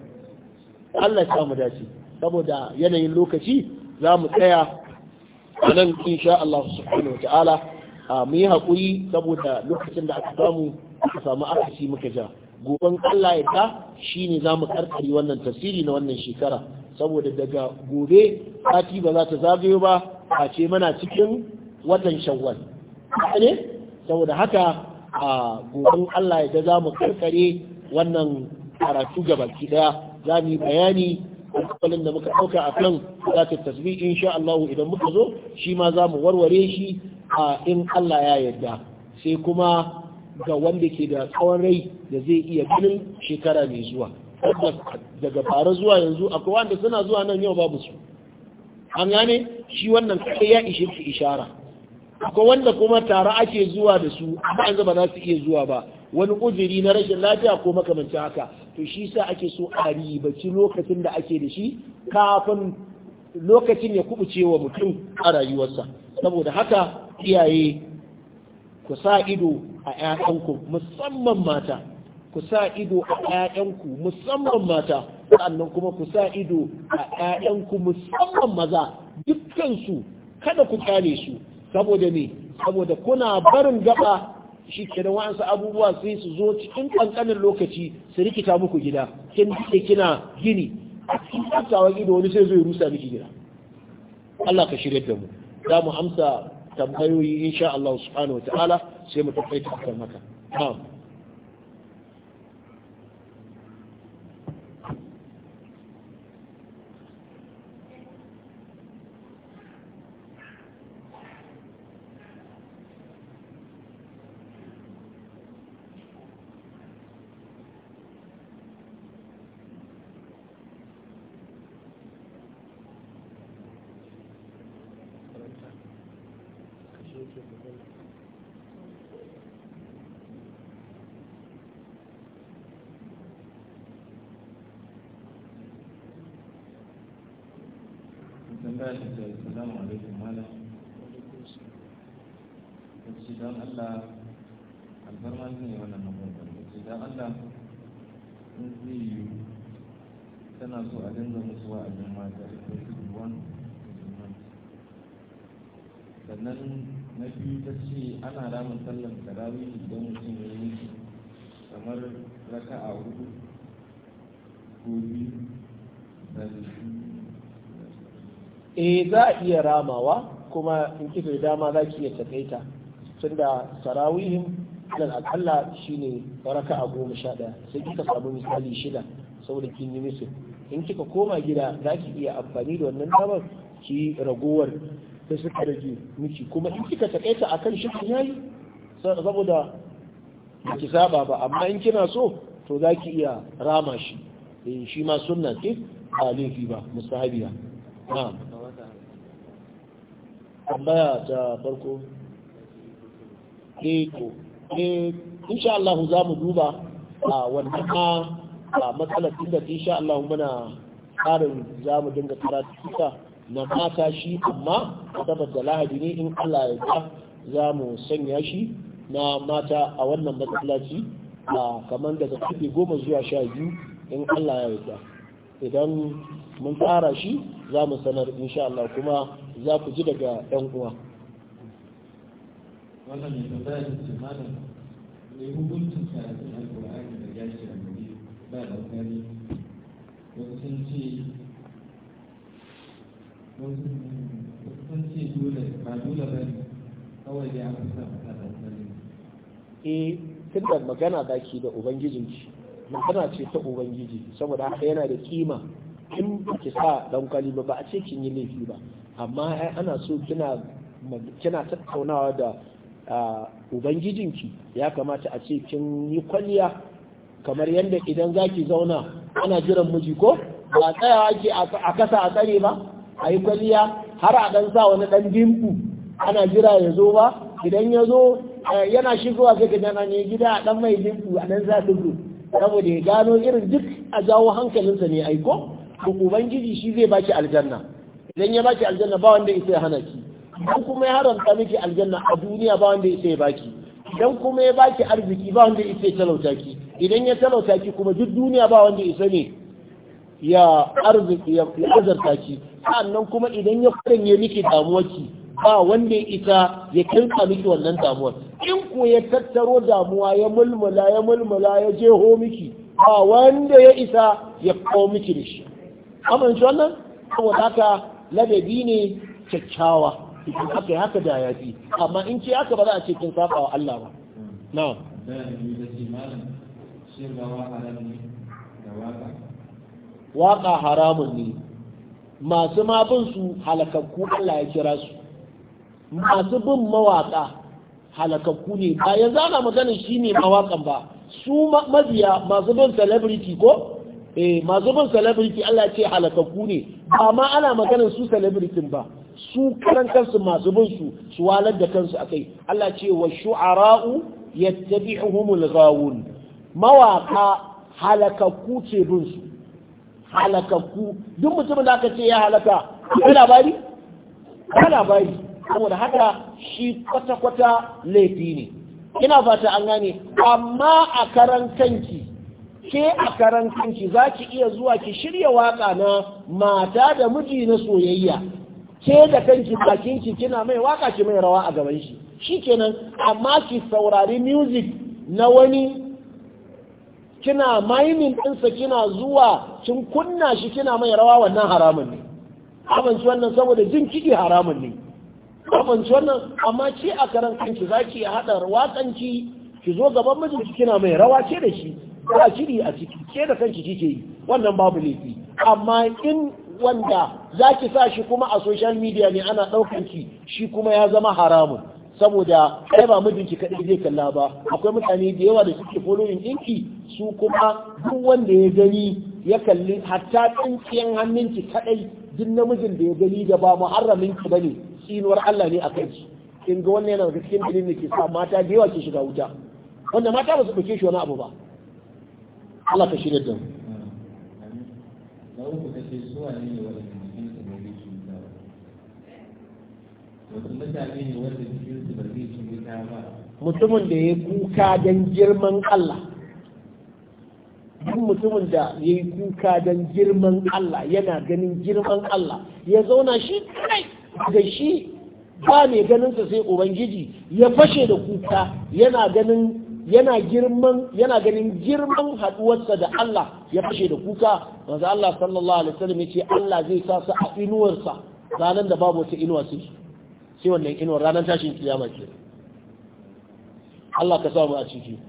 Allah ya samu dace saboda yanayin lokaci za mu tsaya a nan sha Allah subhanahu wa ta'ala mu yi haƙuri saboda lokacin da aka samu aka samu akasi muka ja goben Allah ya ta shi ne za mu karkari wannan tasiri na wannan shekara saboda daga gobe sati ba za ta zagayo ba a ce mana cikin watan shawwal ne saboda haka a goben Allah ya ta za mu karkare wannan karatu gabaki daya za mu yi bayani hankalin da muka ɗauka a kan tasbi in sha Allah idan muka zo shi ma za mu warware shi a in Allah ya yarda sai kuma ga wanda ke da tsawon rai da zai iya ganin shekara mai zuwa daga fara zuwa yanzu akwai wanda suna zuwa nan yau babu su an gane shi wannan kai ya ishe su ishara akwai wanda kuma tare ake zuwa da su amma yanzu ba za su iya zuwa ba wani ujiri na rashin lafiya ko makamancin haka to shi sa ake so a ribaci lokacin da ake da shi kafin lokacin ya kubuce wa mutum a rayuwarsa saboda haka iyaye ku sa ido a 'ya'yanku musamman mata ku sa ido a 'ya'yanku musamman mata sannan kuma ku sa ido a 'ya'yanku musamman maza dukkansu kada ku kyale su saboda ne saboda kuna barin gaba shi da wa'ansu abubuwa sai su zo cikin ƙanƙanin lokaci su rikita muku gida kin dike kina gini kin ido gida wani sai zo ya rusa miki gida Allah ka shirya da mu Da mu amsa tambayoyi insha Allah subhanahu wa ta'ala sai mu tafi akan maka na'am dinga musu wa'azin mata sannan na biyu ta ce ana ramin sallan tarawih don mutum ya yi kamar a hudu ko biyu da eh, E, za a iya ramawa kuma in kika da dama za ki iya takaita tunda tarawihin shi akalla shine a goma sha ɗaya sai kika samu misali shida saboda kin yi musu in kika koma gida za ki iya amfani da wannan damar ki ragowar da suka rage miki kuma in kika takaita akan shi yayi saboda ba ki saba ba amma in kina so to za ki iya rama shi eh shi ma sunna ce ba laifi ba mustahabiya na'am tambaya ta farko eh ko eh insha Allah za mu duba a wannan ma a matsalar inda sha Allah muna tsarin za mu dinga tuka na mata shi amma da lahadi ne in Allah ya ta za mu sanya shi na mata a wannan matsalaci a kamar daga karfe goma zuwa sha biyu in Allah ya yarda idan mun tsara shi za mu sanar insha Allah kuma za ku ji daga ɗan uwa. Wannan ne da ce malam ne hukuncin cikin alkur'ani da gashi ba e, da kari wasu sun ce wasu sun ce dole ba dole ba da kari eh tun magana zaki da ubangijinki magana ce ta ubangiji saboda haka yana da kima in ba ki sa dan ba ba a ce kin yi laifi ba amma ana so kina kina tattaunawa da ah, ubangijinki ya kamata a ce kin yi kwalliya kamar yadda idan za ki zauna ana jiran miji ko ba tsaya ake a kasa a tsare ba a yi kwalliya har a ɗan sa wani ɗan dimku ana jira ya zo ba idan ya zo eh, yana shigowa sai ka jana ne gida a ɗan mai dimku a ɗan sa dubu saboda ya gano irin duk a jawo hankalinsa ne aiko ko ubangiji shi zai baki aljanna idan ya baki aljanna ba wanda ya hana ki ko kuma ya haramta miki aljanna a duniya ba wanda ya baki idan kuma ya baki arziki ba wanda ya talauta ki idan ya talauta ki kuma duk duniya ba wanda isa ne ya arziki ya azarta ki sannan kuma idan ya ya miki ki, ba wanda ita ya kinka miki wannan damuwar in ko ya tattaro damuwa ya mulmula ya mulmula ya jeho miki ba wanda ya isa ya kawo miki da shi amince wannan saboda haka ladabi ne kyakkyawa idan aka yi haka da ya fi amma in ce haka ba za a ce kin saba wa Allah ba na waka haramun ne masu bin su halakakku Allah ya kira su masu bin mawaka halakakku ne ba yanzu ana magana shi ne mawakan ba su maziya masu bin celebrity ko eh masu bin celebrity Allah ce halakakku ne ba ma ana maganin su celebrity ba su karan kansu masu bin su su walar da kansu akai Allah ce wa shu'ara'u yattabi'uhumul ghawun mawaka halakakku ce bin su halakakku duk mutumin da aka ce ya halaka ba labari ba labari saboda haka shi kwata-kwata laifi ne ina fata an gane amma a karan kanki ke a karan kanki za ki iya zuwa ki shirya waka na mata da miji na soyayya ke da kanki bakin ki kina mai waka ki mai rawa a gaban shi shikenan amma ki saurari music na wani kina mining ɗinsa kina zuwa kin kunna shi kina mai rawa wannan haramun ne abanci wannan saboda jin kiɗi haramun ne abanci wannan amma ki a karan kanki za ki haɗa watsanki ki zo gaban ki kina mai rawa ke da shi ba kiɗi a ciki ke da kanki kike yi wannan babu laifi amma in wanda za ki sa shi kuma a social media ne ana ɗaukan ki shi kuma ya zama haramun saboda kai ba mijinki kaɗai zai kalla ba akwai mutane da yawa da suke following ɗinki su kuma duk wanda ya gani ya kalli hatta tsintsiyan hannunki kaɗai duk namijin da ya gani da ba muharramin ki bane tsinuwar Allah ne a kai in ga wannan yana da cikin dalilin da ke sa mata da yawa ke shiga wuta wanda mata ba su ɗauke shi wani abu ba Allah ka shirya da mu na uku ta ce suwa ne ne wanda jikinsu ba zai ta ba wasu mutane ne wanda jikinsu ba zai ta ba mutumin da ya kuka don girman Allah duk mutumin da ya yi kuka don girman Allah yana ganin girman Allah ya zauna shi kai da shi ba mai ganin sa sai Ubangiji ya fashe da kuka yana ganin yana girman yana ganin girman haduwarsa da Allah ya fashe da kuka manzo Allah sallallahu alaihi wasallam yace Allah zai sa su a inuwarsa ranan da babu wata inuwa sai sai wannan inuwar ranan tashin kiyama Allah ka sa mu a ciki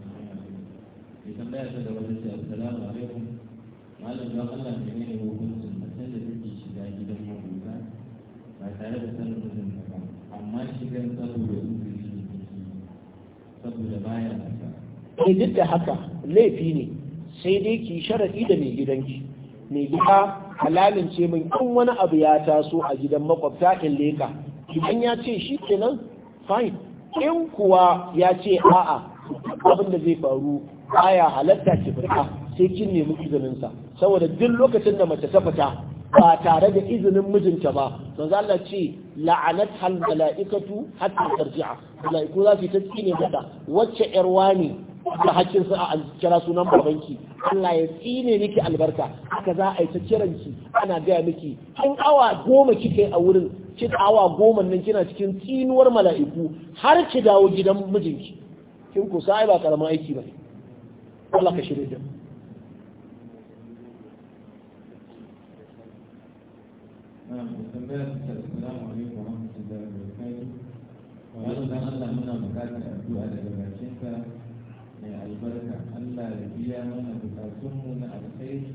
malam Allah hukuncin da shiga gidan ba tare da sanin amma shigan saboda uzuri ne saboda baya sai eh, duk da haka laifi ne sai dai ki sharaɗi da mai gidanki mai gida halalin ce min in wani abu ya taso a gidan makwabta in leka idan ya ce shi kenan fine in kuwa ya ce a'a abin da zai faru baya halatta ki fita sai kin nemi izininsa saboda duk lokacin da mace ta fita ba tare da izinin mijinta ba manzo Allah ce la'anat hal malaikatu hatta tarji'a malaiku za su ta tsine mata wacce yarwani da hakkin sa a kira sunan babanki Allah ya tsine miki albarka haka za a yi ta ki ana gaya miki in awa goma kike a wurin kika awa goma nan kina cikin tsinuwar mala'iku har ki dawo gidan mijinki kin ku sai ba karaman aiki ba Allah ka shirye da wa Allah muna addu'a daga albarka Allah ya biya mana bukatunmu na alkhairi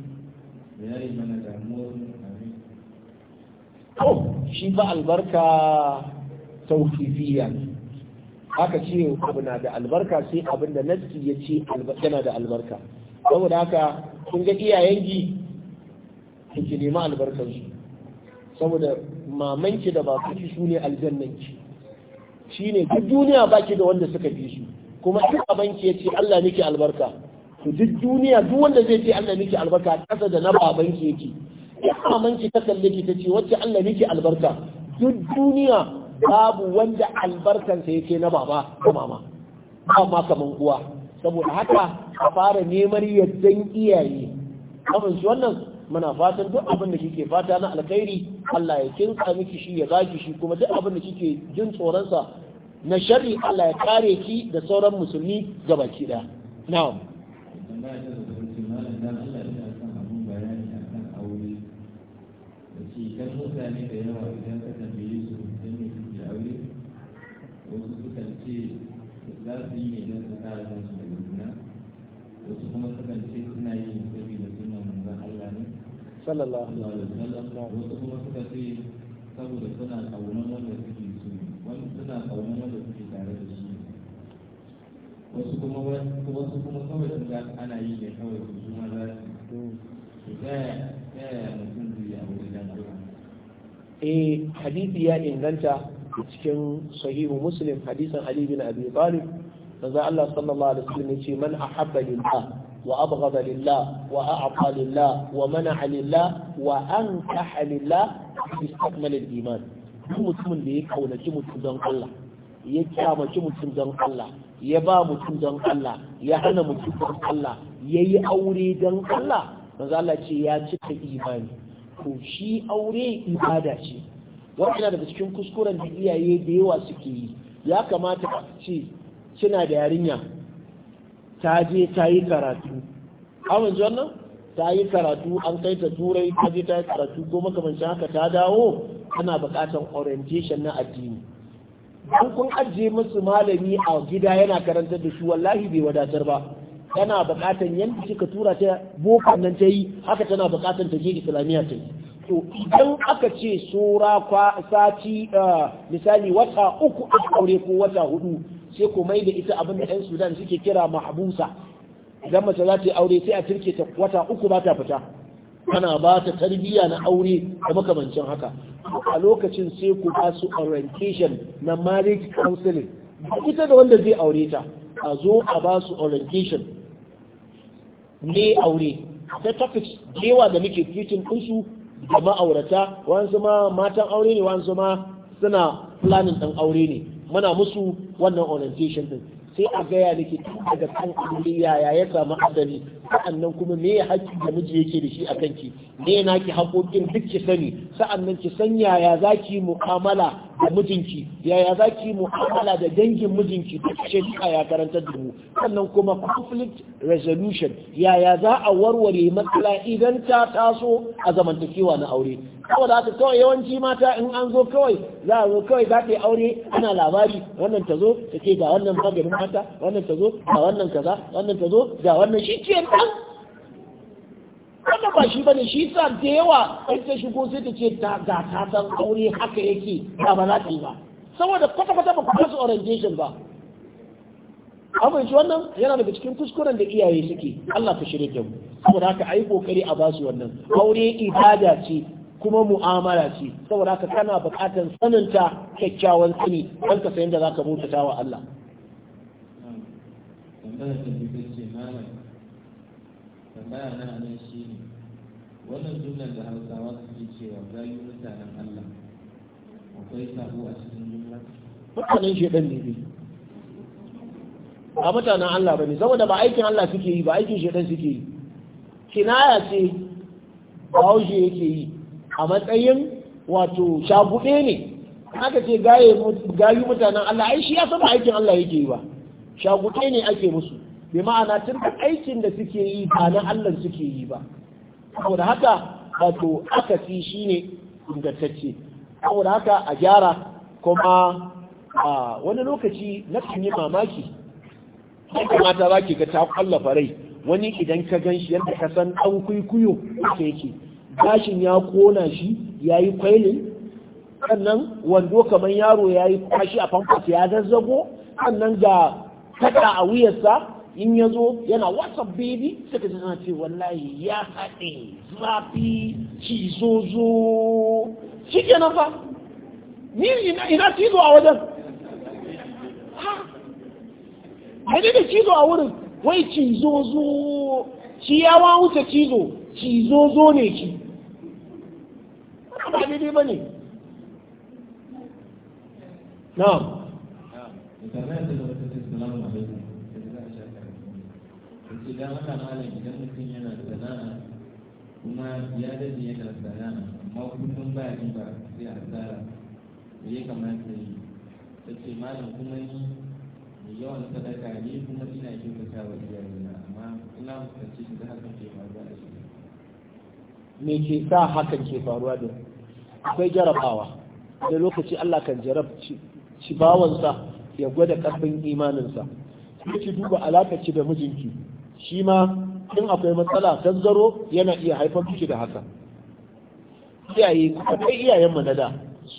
da ya yi mana damuwar amin shi ba albarka tawfifiyya haka ce abu na da albarka sai abin da nassi ya ce yana da albarka saboda haka kun ga iyayenki nema nemi albarkansu saboda mamanki da babanki su ne aljannanki shi ne duk duniya baki da wanda suka fi su kuma duk abanki ya ce Allah nake albarka to duk duniya duk wanda zai ce Allah nake albarka kasa da na babanki yake ya mamanki ta kalle ki ta ce wacce Allah nake albarka duk duniya babu wanda albarkansa yake na baba da mama ba ma kaman uwa saboda haka a fara neman yaddan iyaye kamar shi wannan muna fatan duk abin da kike fata na alkhairi Allah ya kinsa miki shi ya zaki shi kuma duk abin da kike jin tsoronsa na sharri Allah ya kare ki da sauran musulmi gabaki daya na'am idan mutane da yawa idan ka tambaye su don me suke aure wasu yi don su daga juna wasu kuma suna Allah ne sallallahu alaihi wasallam wasu kuma suka ce saboda suna kaunar wanda suke suna kaunar wanda suke tare da shi wasu kuma wasu kuma kawai sun ga ana yi ne kawai su su ma za su su taya mutum zai a wurin dan eh hadisi ya inganta cikin sahihu muslim hadisin ali bin abi talib manzo Allah sallallahu alaihi wasallam yace man ahabba lillah wa abghada lillah wa a'ta lillah wa mana'a lillah wa ankaha lillah iman duk mutumin da ya kaunaci mutum don Allah ya kyamaci mutum don Allah ya ba mutum don Allah ya hana mutum don Allah ya yi aure don Allah manzo Allah ce ya cika imani Ko shi aure ibada ce wannan daga cikin kuskuren da iyaye da yawa suke yi ya kamata a ce kina da yarinya ta je ta yi karatu amince nan ta yi karatu an kai ta turai ta je ta yi karatu ko makamancin haka ta dawo ana bukatar orientation na addini don kun ajiye musu malami a gida yana karantar da shi wallahi bai wadatar ba tana bukatar yadda kika tura ta boko nan ta yi haka tana bukatar ta je islamiyya ta yi to idan aka ce sura kwa sati eh, misali wata uku a aure ko wata hudu sai ku mai da ita abin da 'yan sudan suke kira Mahabusa, idan mace za ta yi aure sai a turke ta wata uku ba ta fita ana ba ta tarbiyya na aure da makamancin haka a lokacin sai ku ba su orientation na marriage counseling ita da wanda zai aure ta a zo a ba su orientation ne aure ta tafis jewa da muke fitin ɗinsu da ma'aurata wa'ansu ma matan aure ne wa'ansu ma suna planning ɗan aure ne muna musu wannan orientation din sai a gaya nake tun daga kan aure yaya ya samu asali sa'annan kuma me ya haƙƙi da miji yake da shi a kanki me na ki haƙoƙin duk ki sani sa'annan ki san yaya za ki mu'amala da mijinki yaya za ki mu'amala da dangin mijinki duk ce duka ya karanta da mu sannan kuma conflict resolution yaya za a warware matsala idan ta taso a zamantakewa na aure saboda haka kawai yawanci mata in an zo kawai za a zo kawai za ta yi aure ana labari wannan ta zo ta ke ga wannan maganin mata wannan ta zo ga wannan kaza wannan ta zo ga wannan shi ta nan ba shi bane shi sa da yawa ɗan ta shigo sai ta ce ta ga ta san aure haka yake ba ba za ta yi ba saboda kwata-kwata ba kuma su orientation ba abin shi wannan yana daga cikin kuskuren da iyaye suke Allah ta shirya mu saboda haka ai kokari a basu wannan aure ibada ce kuma mu'amala ce saboda haka kana buƙatar saninta kyakkyawan sani don ka san yadda ka bautata wa Allah tambaya na nan shi ne wannan jumlar da hausawa suke cewa zai mutanen Allah akwai sabo a cikin jumla? mutanen shedan ne dai a mutanen Allah ba ne saboda ba aikin Allah suke yi ba aikin shedan suke yi kinaya ce bahaushe yake yi a matsayin wato shabuɗe ne aka ce gayu mutanen Allah ai shi ya saba aikin Allah yake yi ba shabuɗe ne ake musu bi ma'ana tun da aikin da suke yi ba na Allah suke yi ba saboda haka wato shi shine ingantacce saboda haka a gyara kuma a wani lokaci na kan yi mamaki sai kamata za ki ga ta kwallafa rai wani idan ka gan shi yadda ka san ɗan kuikuyo ka yake gashin ya kona shi ya yi kwailin sannan wando kamar yaro ya yi kwashi a famfas ya zazzago sannan ga kada a wuyarsa in ya zo yana wasa bebi sai ka suna ce wallahi ya haɗe zafi cizozo shi ke nan fa ni ina cizo a wajen ha a da cizo a wurin wai cizozo shi ya ma wuce cizo cizozo ne ki ba daidai ba ne na. idan wannan malam idan mutum yana da sana'a kuma ya ya yana sana'a amma kullum ba ni ba sai tsara da ya kamata yi ta ce malam kuma ni mai yawan sadaka ne kuma ina kyautata wa na, amma ina fuskanci da haka ke faruwa da shi me ke sa hakan ke faruwa da akwai jarabawa da lokaci Allah kan jarabci bawansa ya gwada karfin imaninsa sai ki duba alakaci da mijinki shi ma in akwai matsala tazzaro yana iya haifar miki da haka iyaye kuma iyayen iyayenmu na da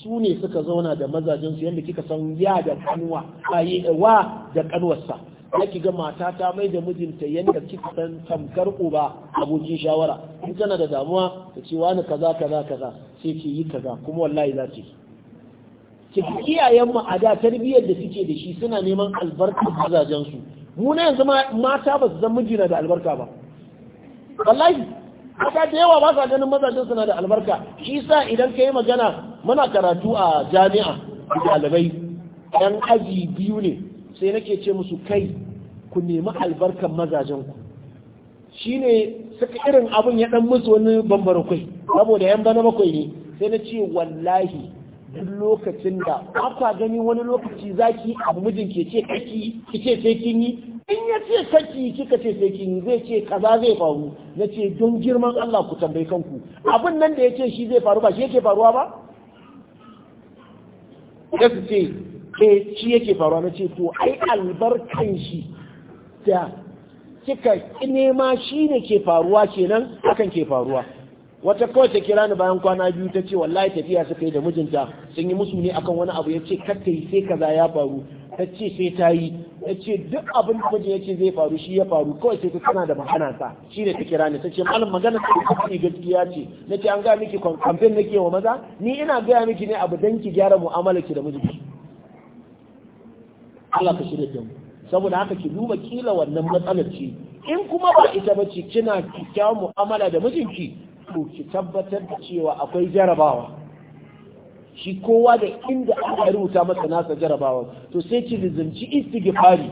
su ne suka zauna da su yanda kika san ya da kanwa wa da kanwarsa ki ga mata ta mai da mijinta yanda kika san tamkar uba abokin shawara in kana da damuwa Ka ce wani kaza kaza kaza sai ki yi kaza kuma wallahi za ki ki iyayen mu a da tarbiyyar da suke da shi suna neman albarkar su. mu na yanzu mata ba su zan mijina da albarka ba wallahi mata da yawa ba sa ganin mazajen suna da albarka shi sa idan ka yi magana muna karatu a jami'a ɗalibai 'yan aji biyu ne sai nake ce musu kai ku nemi albarkan mazajen ku Shi ne suka irin abin ya ɗan musu wani bambara kai saboda yan bana bakwai ne sai na ce wallahi duk lokacin da aka gani wani lokaci zaki abu mijin ke ce kaki ki ce sai kin yi in ya ce kaki kika ce sai kin yi zai ce kaza zai faru na ce don girman Allah ku tambayi kanku abin nan da ya ce shi zai faru ba shi yake faruwa ba ya su ce ke eh, shi yake faruwa na ce to ai albarkan shi da kika nema shi ne ke faruwa kenan hakan ke faruwa wata kawai ta kira ni bayan kwana biyu ta ce wallahi tafiya suka yi da mijinta sun yi musu ne akan wani abu ya ce kakka yi sai kaza ya faru ta ce sai ta yi ta ce duk abin da mijin ya ce zai faru shi ya faru kawai sai ta tana da magana sa shi ne ta kira ni ta ce malam magana ta ne gaskiya ce na ce an gaya miki kamfen nake wa maza ni ina gaya miki ne abu dan ki gyara mu'amala ki da mijinki Allah ka shirya da mu saboda haka ki duba kila wannan matsalar ce in kuma ba ita ba ce kina kyakkyawar mu'amala da mijinki ki tabbatar da cewa akwai jarabawa shi kowa da inda aka rubuta masa nasa jarabawa to sai ki lizimci istighfari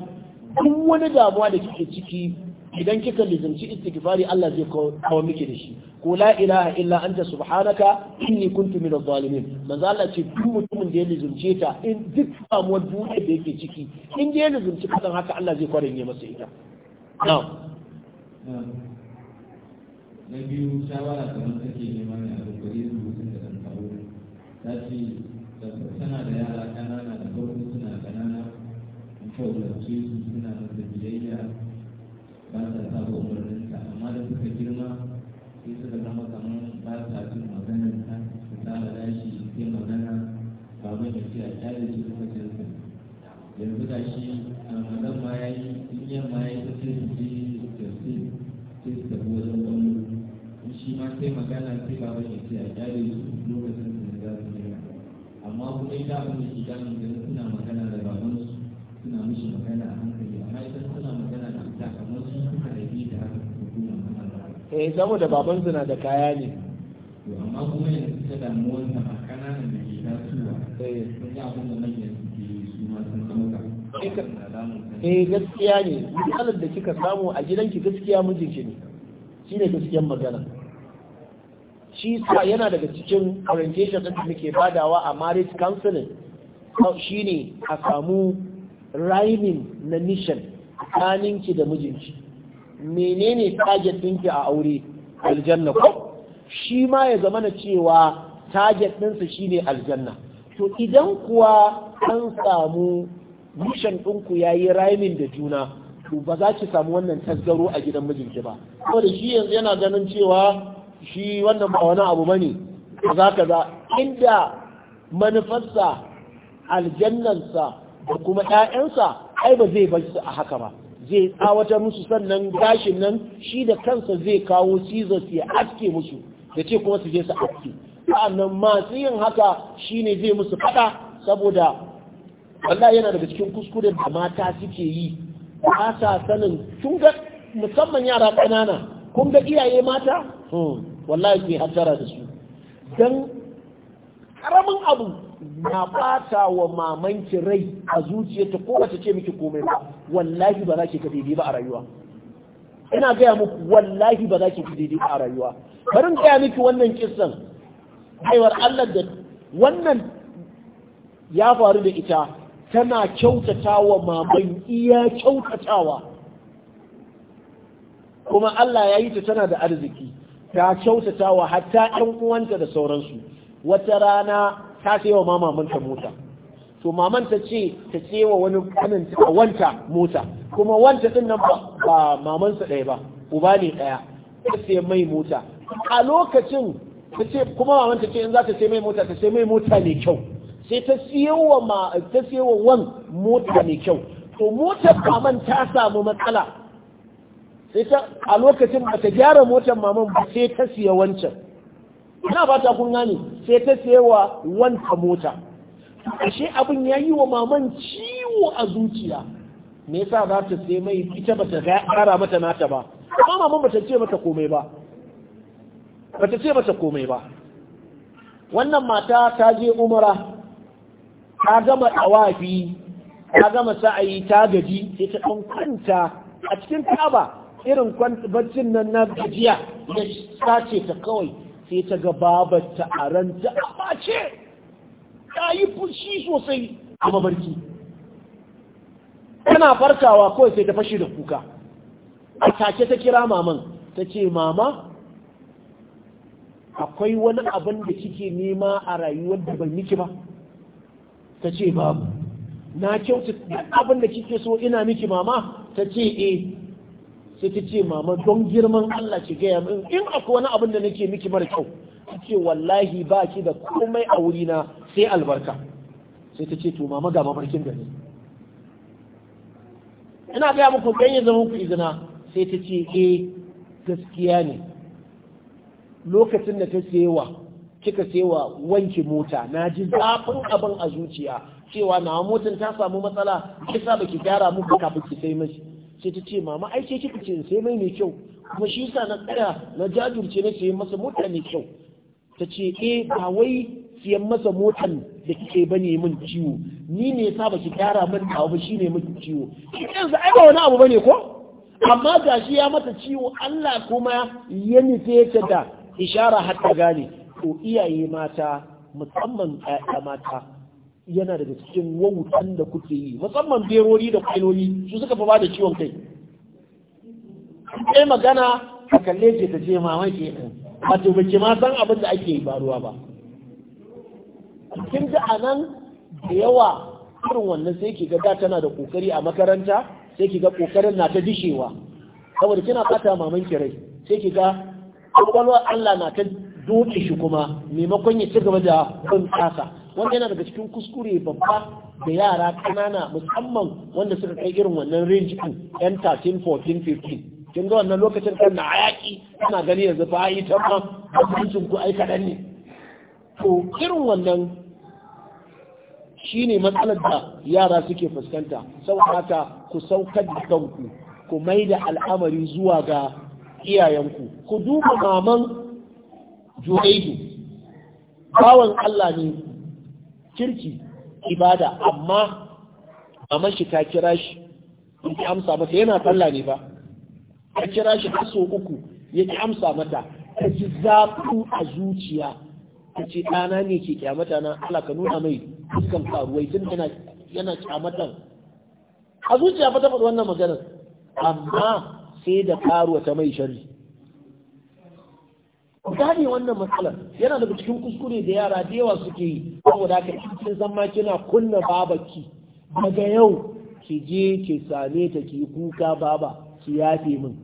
duk wani damuwa da kike ciki idan kika lizimci istighfari Allah zai kawo miki da shi ko la ilaha illa anta subhanaka inni kuntu min adh-dhalimin manzo Allah ce duk mutumin da ya lizimce ta in duk damuwa duniya da yake ciki in da ya lizimci kasan haka Allah zai ne masa ita na'am na biyu shawara kamar take neman ya kokari rubutun da kan kawo ta ce tana da yara ƙanana da farko suna ƙanana in kaulace su suna da biyayya ba sa saba umarninta amma da suka girma sai suka zama kamar ba sa jin maganar ta su saba dashi sai magana ba ya ce a kyale shi kuma jinsa yanzu ga shi a madan ma ya yi in yamma ya yi ta ce su ji da su sai su tafi wajen shi ma sai magana sai ba ya sai a jari su lokacin da za su yi amma kuma ita abin da ke damun ganin suna magana da babban su suna mishi magana a hankali amma ita suna magana da ita kamar su suka bi da haka hukumar magana. eh saboda baban su na da kaya ne. amma kuma yanzu ta damuwar ta a kananan da ke tasowa. eh sun yi abin da manyan ke su ma sun ɗauka. eh, eh gaskiya ne misalin da kika samu a gidanki gaskiya mijinki ne ne gaskiyan magana shi sa yana daga cikin orientation da muke badawa a marriage counseling shi ne a samu rhyming na nishan kaninki da mijinki menene target ɗinki a aure aljanna ko shi ma ya zama na cewa target ɗinsa ne aljanna to idan kuwa an samu nishan ɗinku ya yi rhyming da juna to ba za ki samu wannan tasgaro a gidan mijinki ba saboda shi yanzu yana ganin cewa shi wannan ba wani abu bane kaza kaza inda manufarsa aljannansa da kuma 'ya'yansa, ai ba zai bar su a haka ba zai tsawatar musu sannan gashin nan shi da kansa zai kawo scissors ya aske musu da ce kuma su je su aske sa'annan masu yin haka shi ne zai musu fada saboda wanda yana daga cikin kuskure. da mata suke yi ba sa sanin tun musamman yara ƙanana kun ga iyaye mata hmm. wallahi ku hattara da su don karamin abu na bata wa mamanki rai a zuciyarta ko ba ce miki komai ba wallahi ba za ki daidai ba a rayuwa ina gaya muku wallahi ba za ki daidai ba a rayuwa bari in gaya miki wannan kissan haiwar Allah da wannan ya faru da ita tana kyautatawa maman iya kyautatawa kuma Allah ya yi ta tana da arziki ta kyautata wa hatta ɗan uwanta da sauransu wata rana ta ce wa mamanta mota to maman ta ce ta ce wa wani kananta wanta mota kuma wanta ɗin nan ba mamansa ɗaya ba uba ne ɗaya ta ce mai mota a lokacin ta ce kuma maman ta ce in za ta ce mai mota ta ce mai mota mai kyau sai ta siyowa wa wan mota mai kyau to motar maman ta samu matsala sai ta a lokacin ba ta gyara motar maman ba sai ta siya wancan ina ba ta ni ne sai ta siya wa wanta mota ashe abin ya yi wa maman ciwo a zuciya me yasa za ta sai mai ita ba ta gyara mata nata ba amma maman ba ta ce mata komai ba ba ta ce mata komai ba wannan mata ta je umara ta gama tawafi ta gama sa'ayi ta gaji sai ta ɗan kwanta a cikin kaba irin baccin nan na gajiya ya sace ta kawai sai ta ga babarta a ranta a bace ta yi fushi sosai a mabarki tana farkawa kawai sai ta fashe da kuka a take ta kira maman ta ce mama akwai wani abin da kike nema a rayuwar da ban miki ba ta ce babu na kyautu abin da kike so ina miki mama ta ce eh sai ta ce mama don girman Allah ki gaya min in akwai wani abin da nake miki mara kyau ta ce wallahi ba ki da komai a wurina sai albarka sai ta ce to mama ga mafarkin da ni ina gaya muku dan ya zama ku izina sai ta ce eh gaskiya ne lokacin da ta sayewa kika sayewa wanke mota na ji zafin abin a zuciya cewa na motar ta samu matsala kisa baki gyara muku kafin ki sai mashi sai ta ce mama ai kika ce sai mai mai kyau kuma shi yasa na tsaya na jajirce na sayi masa mota mai kyau ta ce eh ba wai siyan masa motan da kike bane min ciwo ni ne sa baki gyara min ba ba shine min ciwo yanzu ai ba wani abu bane ko amma shi ya mata ciwo Allah kuma ya nufe ta da ishara har ta gane to iyaye mata musamman ƴaƴa mata yana daga cikin wautan da kuke yi musamman berori da kwailoli su suka fi bada ciwon kai sai magana a kalle ce ta ce mama ke wato ba ke ma san abin da ake faruwa ba kin ji a nan da yawa irin wannan sai ki ga da tana da kokari a makaranta sai ki ga kokarin na ta dishewa saboda kina fata maman ki rai sai ki ga kwakwalwar Allah na ta doke shi kuma maimakon ya ci gaba da kun kasa wanda yana daga cikin kuskure babba da yara kanana musamman wanda suka kai irin wannan range din yan 13 14 15 kin ga wannan lokacin kan na hayaki ana gani yanzu fa yi ta ma abincin ku ai kadan ne to irin wannan shine matsalar da yara suke fuskanta saboda haka ku saukar da kanku ku mai da al'amari zuwa ga iyayenku ku duba maman juwaidu bawan Allah ne kirki ibada amma a mashi ta kira shi in ki amsa mata yana sallah ne ba ka kira shi kaso uku ya ki amsa mata ka ji zafi a zuciya ka ce ɗana ne ke kyamata na Allah ka nuna mai dukkan karuwai tun yana yana kyamatan a zuciya fa ta faɗi wannan maganar amma sai da karuwa ta mai shari gane wannan matsalar yana daga cikin kuskure da yara da yawa suke yi saboda haka kin zan ma kina kunna babaki daga yau ki je ki same ta ki kuka baba ki yafe min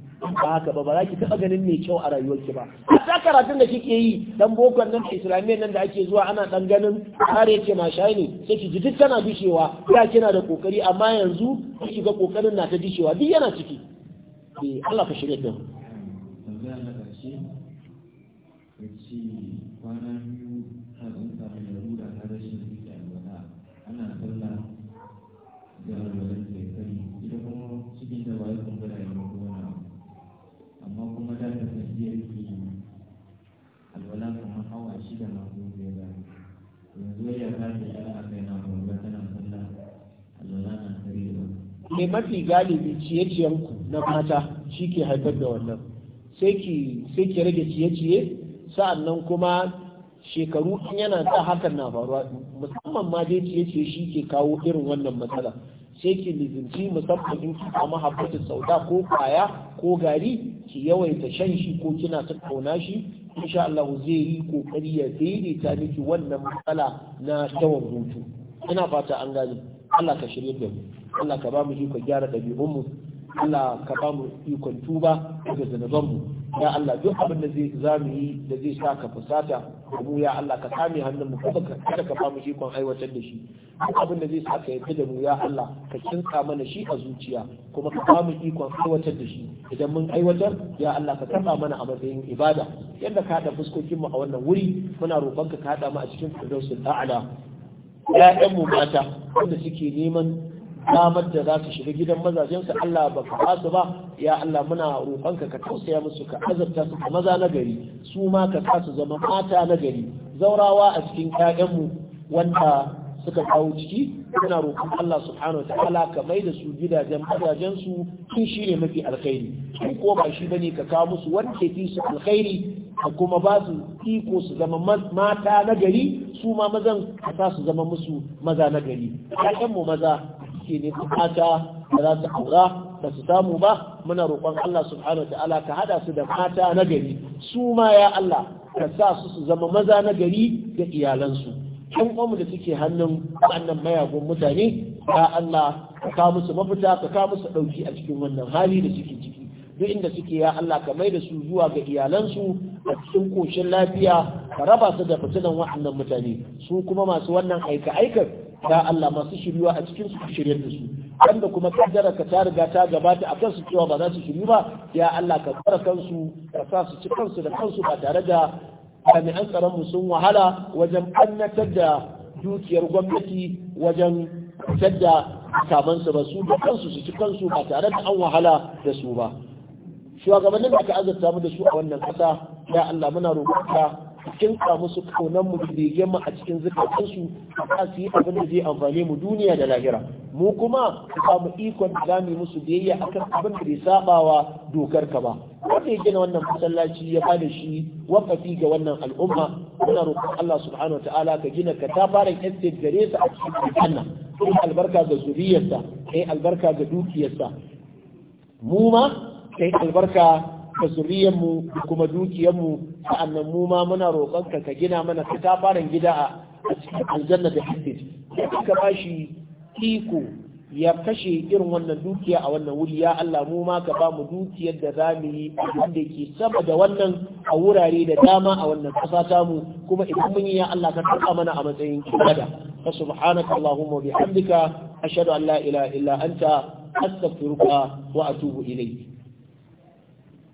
ba haka ba ba za ki taɓa ganin mai kyau a ki ba ta karatun da kike yi dan bokon nan islamiyya nan da ake zuwa ana dan ganin har yake ma shayi ne sai ki ji duk tana dushewa, da kina da kokari amma yanzu kike ga kokarin na ta dushewa. duk yana ciki eh Allah ka shirye da mu ya ce kwana biyu ta ɗan samu larura ta rashin rike alwala ana sallah da alwalar da ya kari ita kuma cikin da ba ya kumbura ya mako wani amma kuma da ta sanadiyar ke alwala kamar hawa shida na kuma ya ba yanzu ya ta ce ana kai na kuma tana sallah alwala na karewa. ne mafi galibi ciye-ciyenku na mata shi ke haifar da wannan sai ki rage ciye-ciye sa'an nan kuma shekaru in yana ta hakan na faruwa musamman ma dai ciye ce shi ke kawo irin wannan matsala sai ki lizinci musamman in kika mahabbatu sauda ko kwaya ko gari ki yawaita shan shi ko kina kauna shi insha Allah zai yi kokari ya daidaita miki wannan matsala na yawan hutu ina fata an gane Allah ka shirye da mu Allah ka ba mu ikon gyara ɗabi'unmu Allah ka ba mu ikon tuba daga zanabanmu ya Allah duk abin da za mu yi da zai sa ka fusata mu ya Allah ka kame hannun mu kada ka famu shi kon aiwatar da shi duk abin da zai sa ka yafi da mu ya Allah ka kinsa mana shi a zuciya kuma ka famu ikon aiwatar da shi idan mun aiwatar ya Allah ka taba mana a matsayin ibada yadda ka haɗa fuskokin mu a wannan wuri muna roƙon ka kaɗa mu a cikin firdausul a'la ya'yan mu mata wanda suke neman damar da za su shiga gidan mazajensu Allah ba ka ba su ba ya Allah muna roƙonka ka tausaya musu ka azabta su ka maza na gari su ma ka sa su zama mata na gari zaurawa a cikin ƴaƴanmu wanda suka kawo ciki muna roƙon Allah subhanahu ta'ala ka mai da su gidajen mazajensu in shi ne mafi alkhairi in ko ba shi bane ka kawo musu wani ke fi su alkhairi ka kuma ba su iko su zama mata na gari su ma mazan ka sa su zama musu maza na gari ƴaƴanmu maza suke ne mata da za su aura da su samu ba muna roƙon Allah subhanahu wa ta'ala ka hada su da mata na gari su ma ya Allah ka sa su su zama maza na gari da iyalansu ɗan mu da suke hannun wannan mayagun mutane ya Allah ka kawo musu mafita ka kawo musu ɗauki a cikin wannan hali da suke ciki duk inda suke ya Allah ka mai da su zuwa ga iyalansu a cikin koshin lafiya ka raba su da fitinan wannan mutane su kuma masu wannan aika aikar ya Allah masu shiryuwa a cikin su shiryar da su wanda kuma kaddara ka ta riga ta gabata a kansu cewa ba za su shiryu ba ya Allah ka tsara kansu ka sa su ci kansu da kansu ba tare da jami'an tsaron mu sun wahala wajen annatar da dukiyar gwamnati wajen fitar da su ba su da kansu su ci kansu ba tare da an wahala da su ba shugabannin da ka azurta mu da su a wannan kasa ya Allah muna roƙonka kinka musu kaunan mu da mu a cikin zukatan su ka su yi abin da zai amfane mu duniya da lahira mu kuma ka mu ikon da zamu musu biyayya akan abin da bai wa dokar ka ba wanda ya gina wannan masallaci ya bada shi wakafi ga wannan al'umma muna roƙon Allah subhanahu ta'ala ka gina ka ta fara estate gare su a cikin aljanna kai albarka ga zuriyarsa kai albarka ga dukiyarsa mu ma kai albarka da zuriyarmu da kuma dukiyarmu sa'annan mu ma muna roƙonka ka gina mana katafaren gida a cikin aljanna da hadis ya ka bashi iko ya kashe irin wannan dukiya a wannan wuri ya Allah mu ma ka ba mu dukiyar da za mu yi wanda ke sama da wannan a wurare da dama a wannan ƙasa tamu mu kuma idan mun yi ya Allah ka tsaka mana a matsayin ibada fa subhanaka allahumma bihamdika ashhadu an la ilaha illa anta astaghfiruka wa atubu ilayk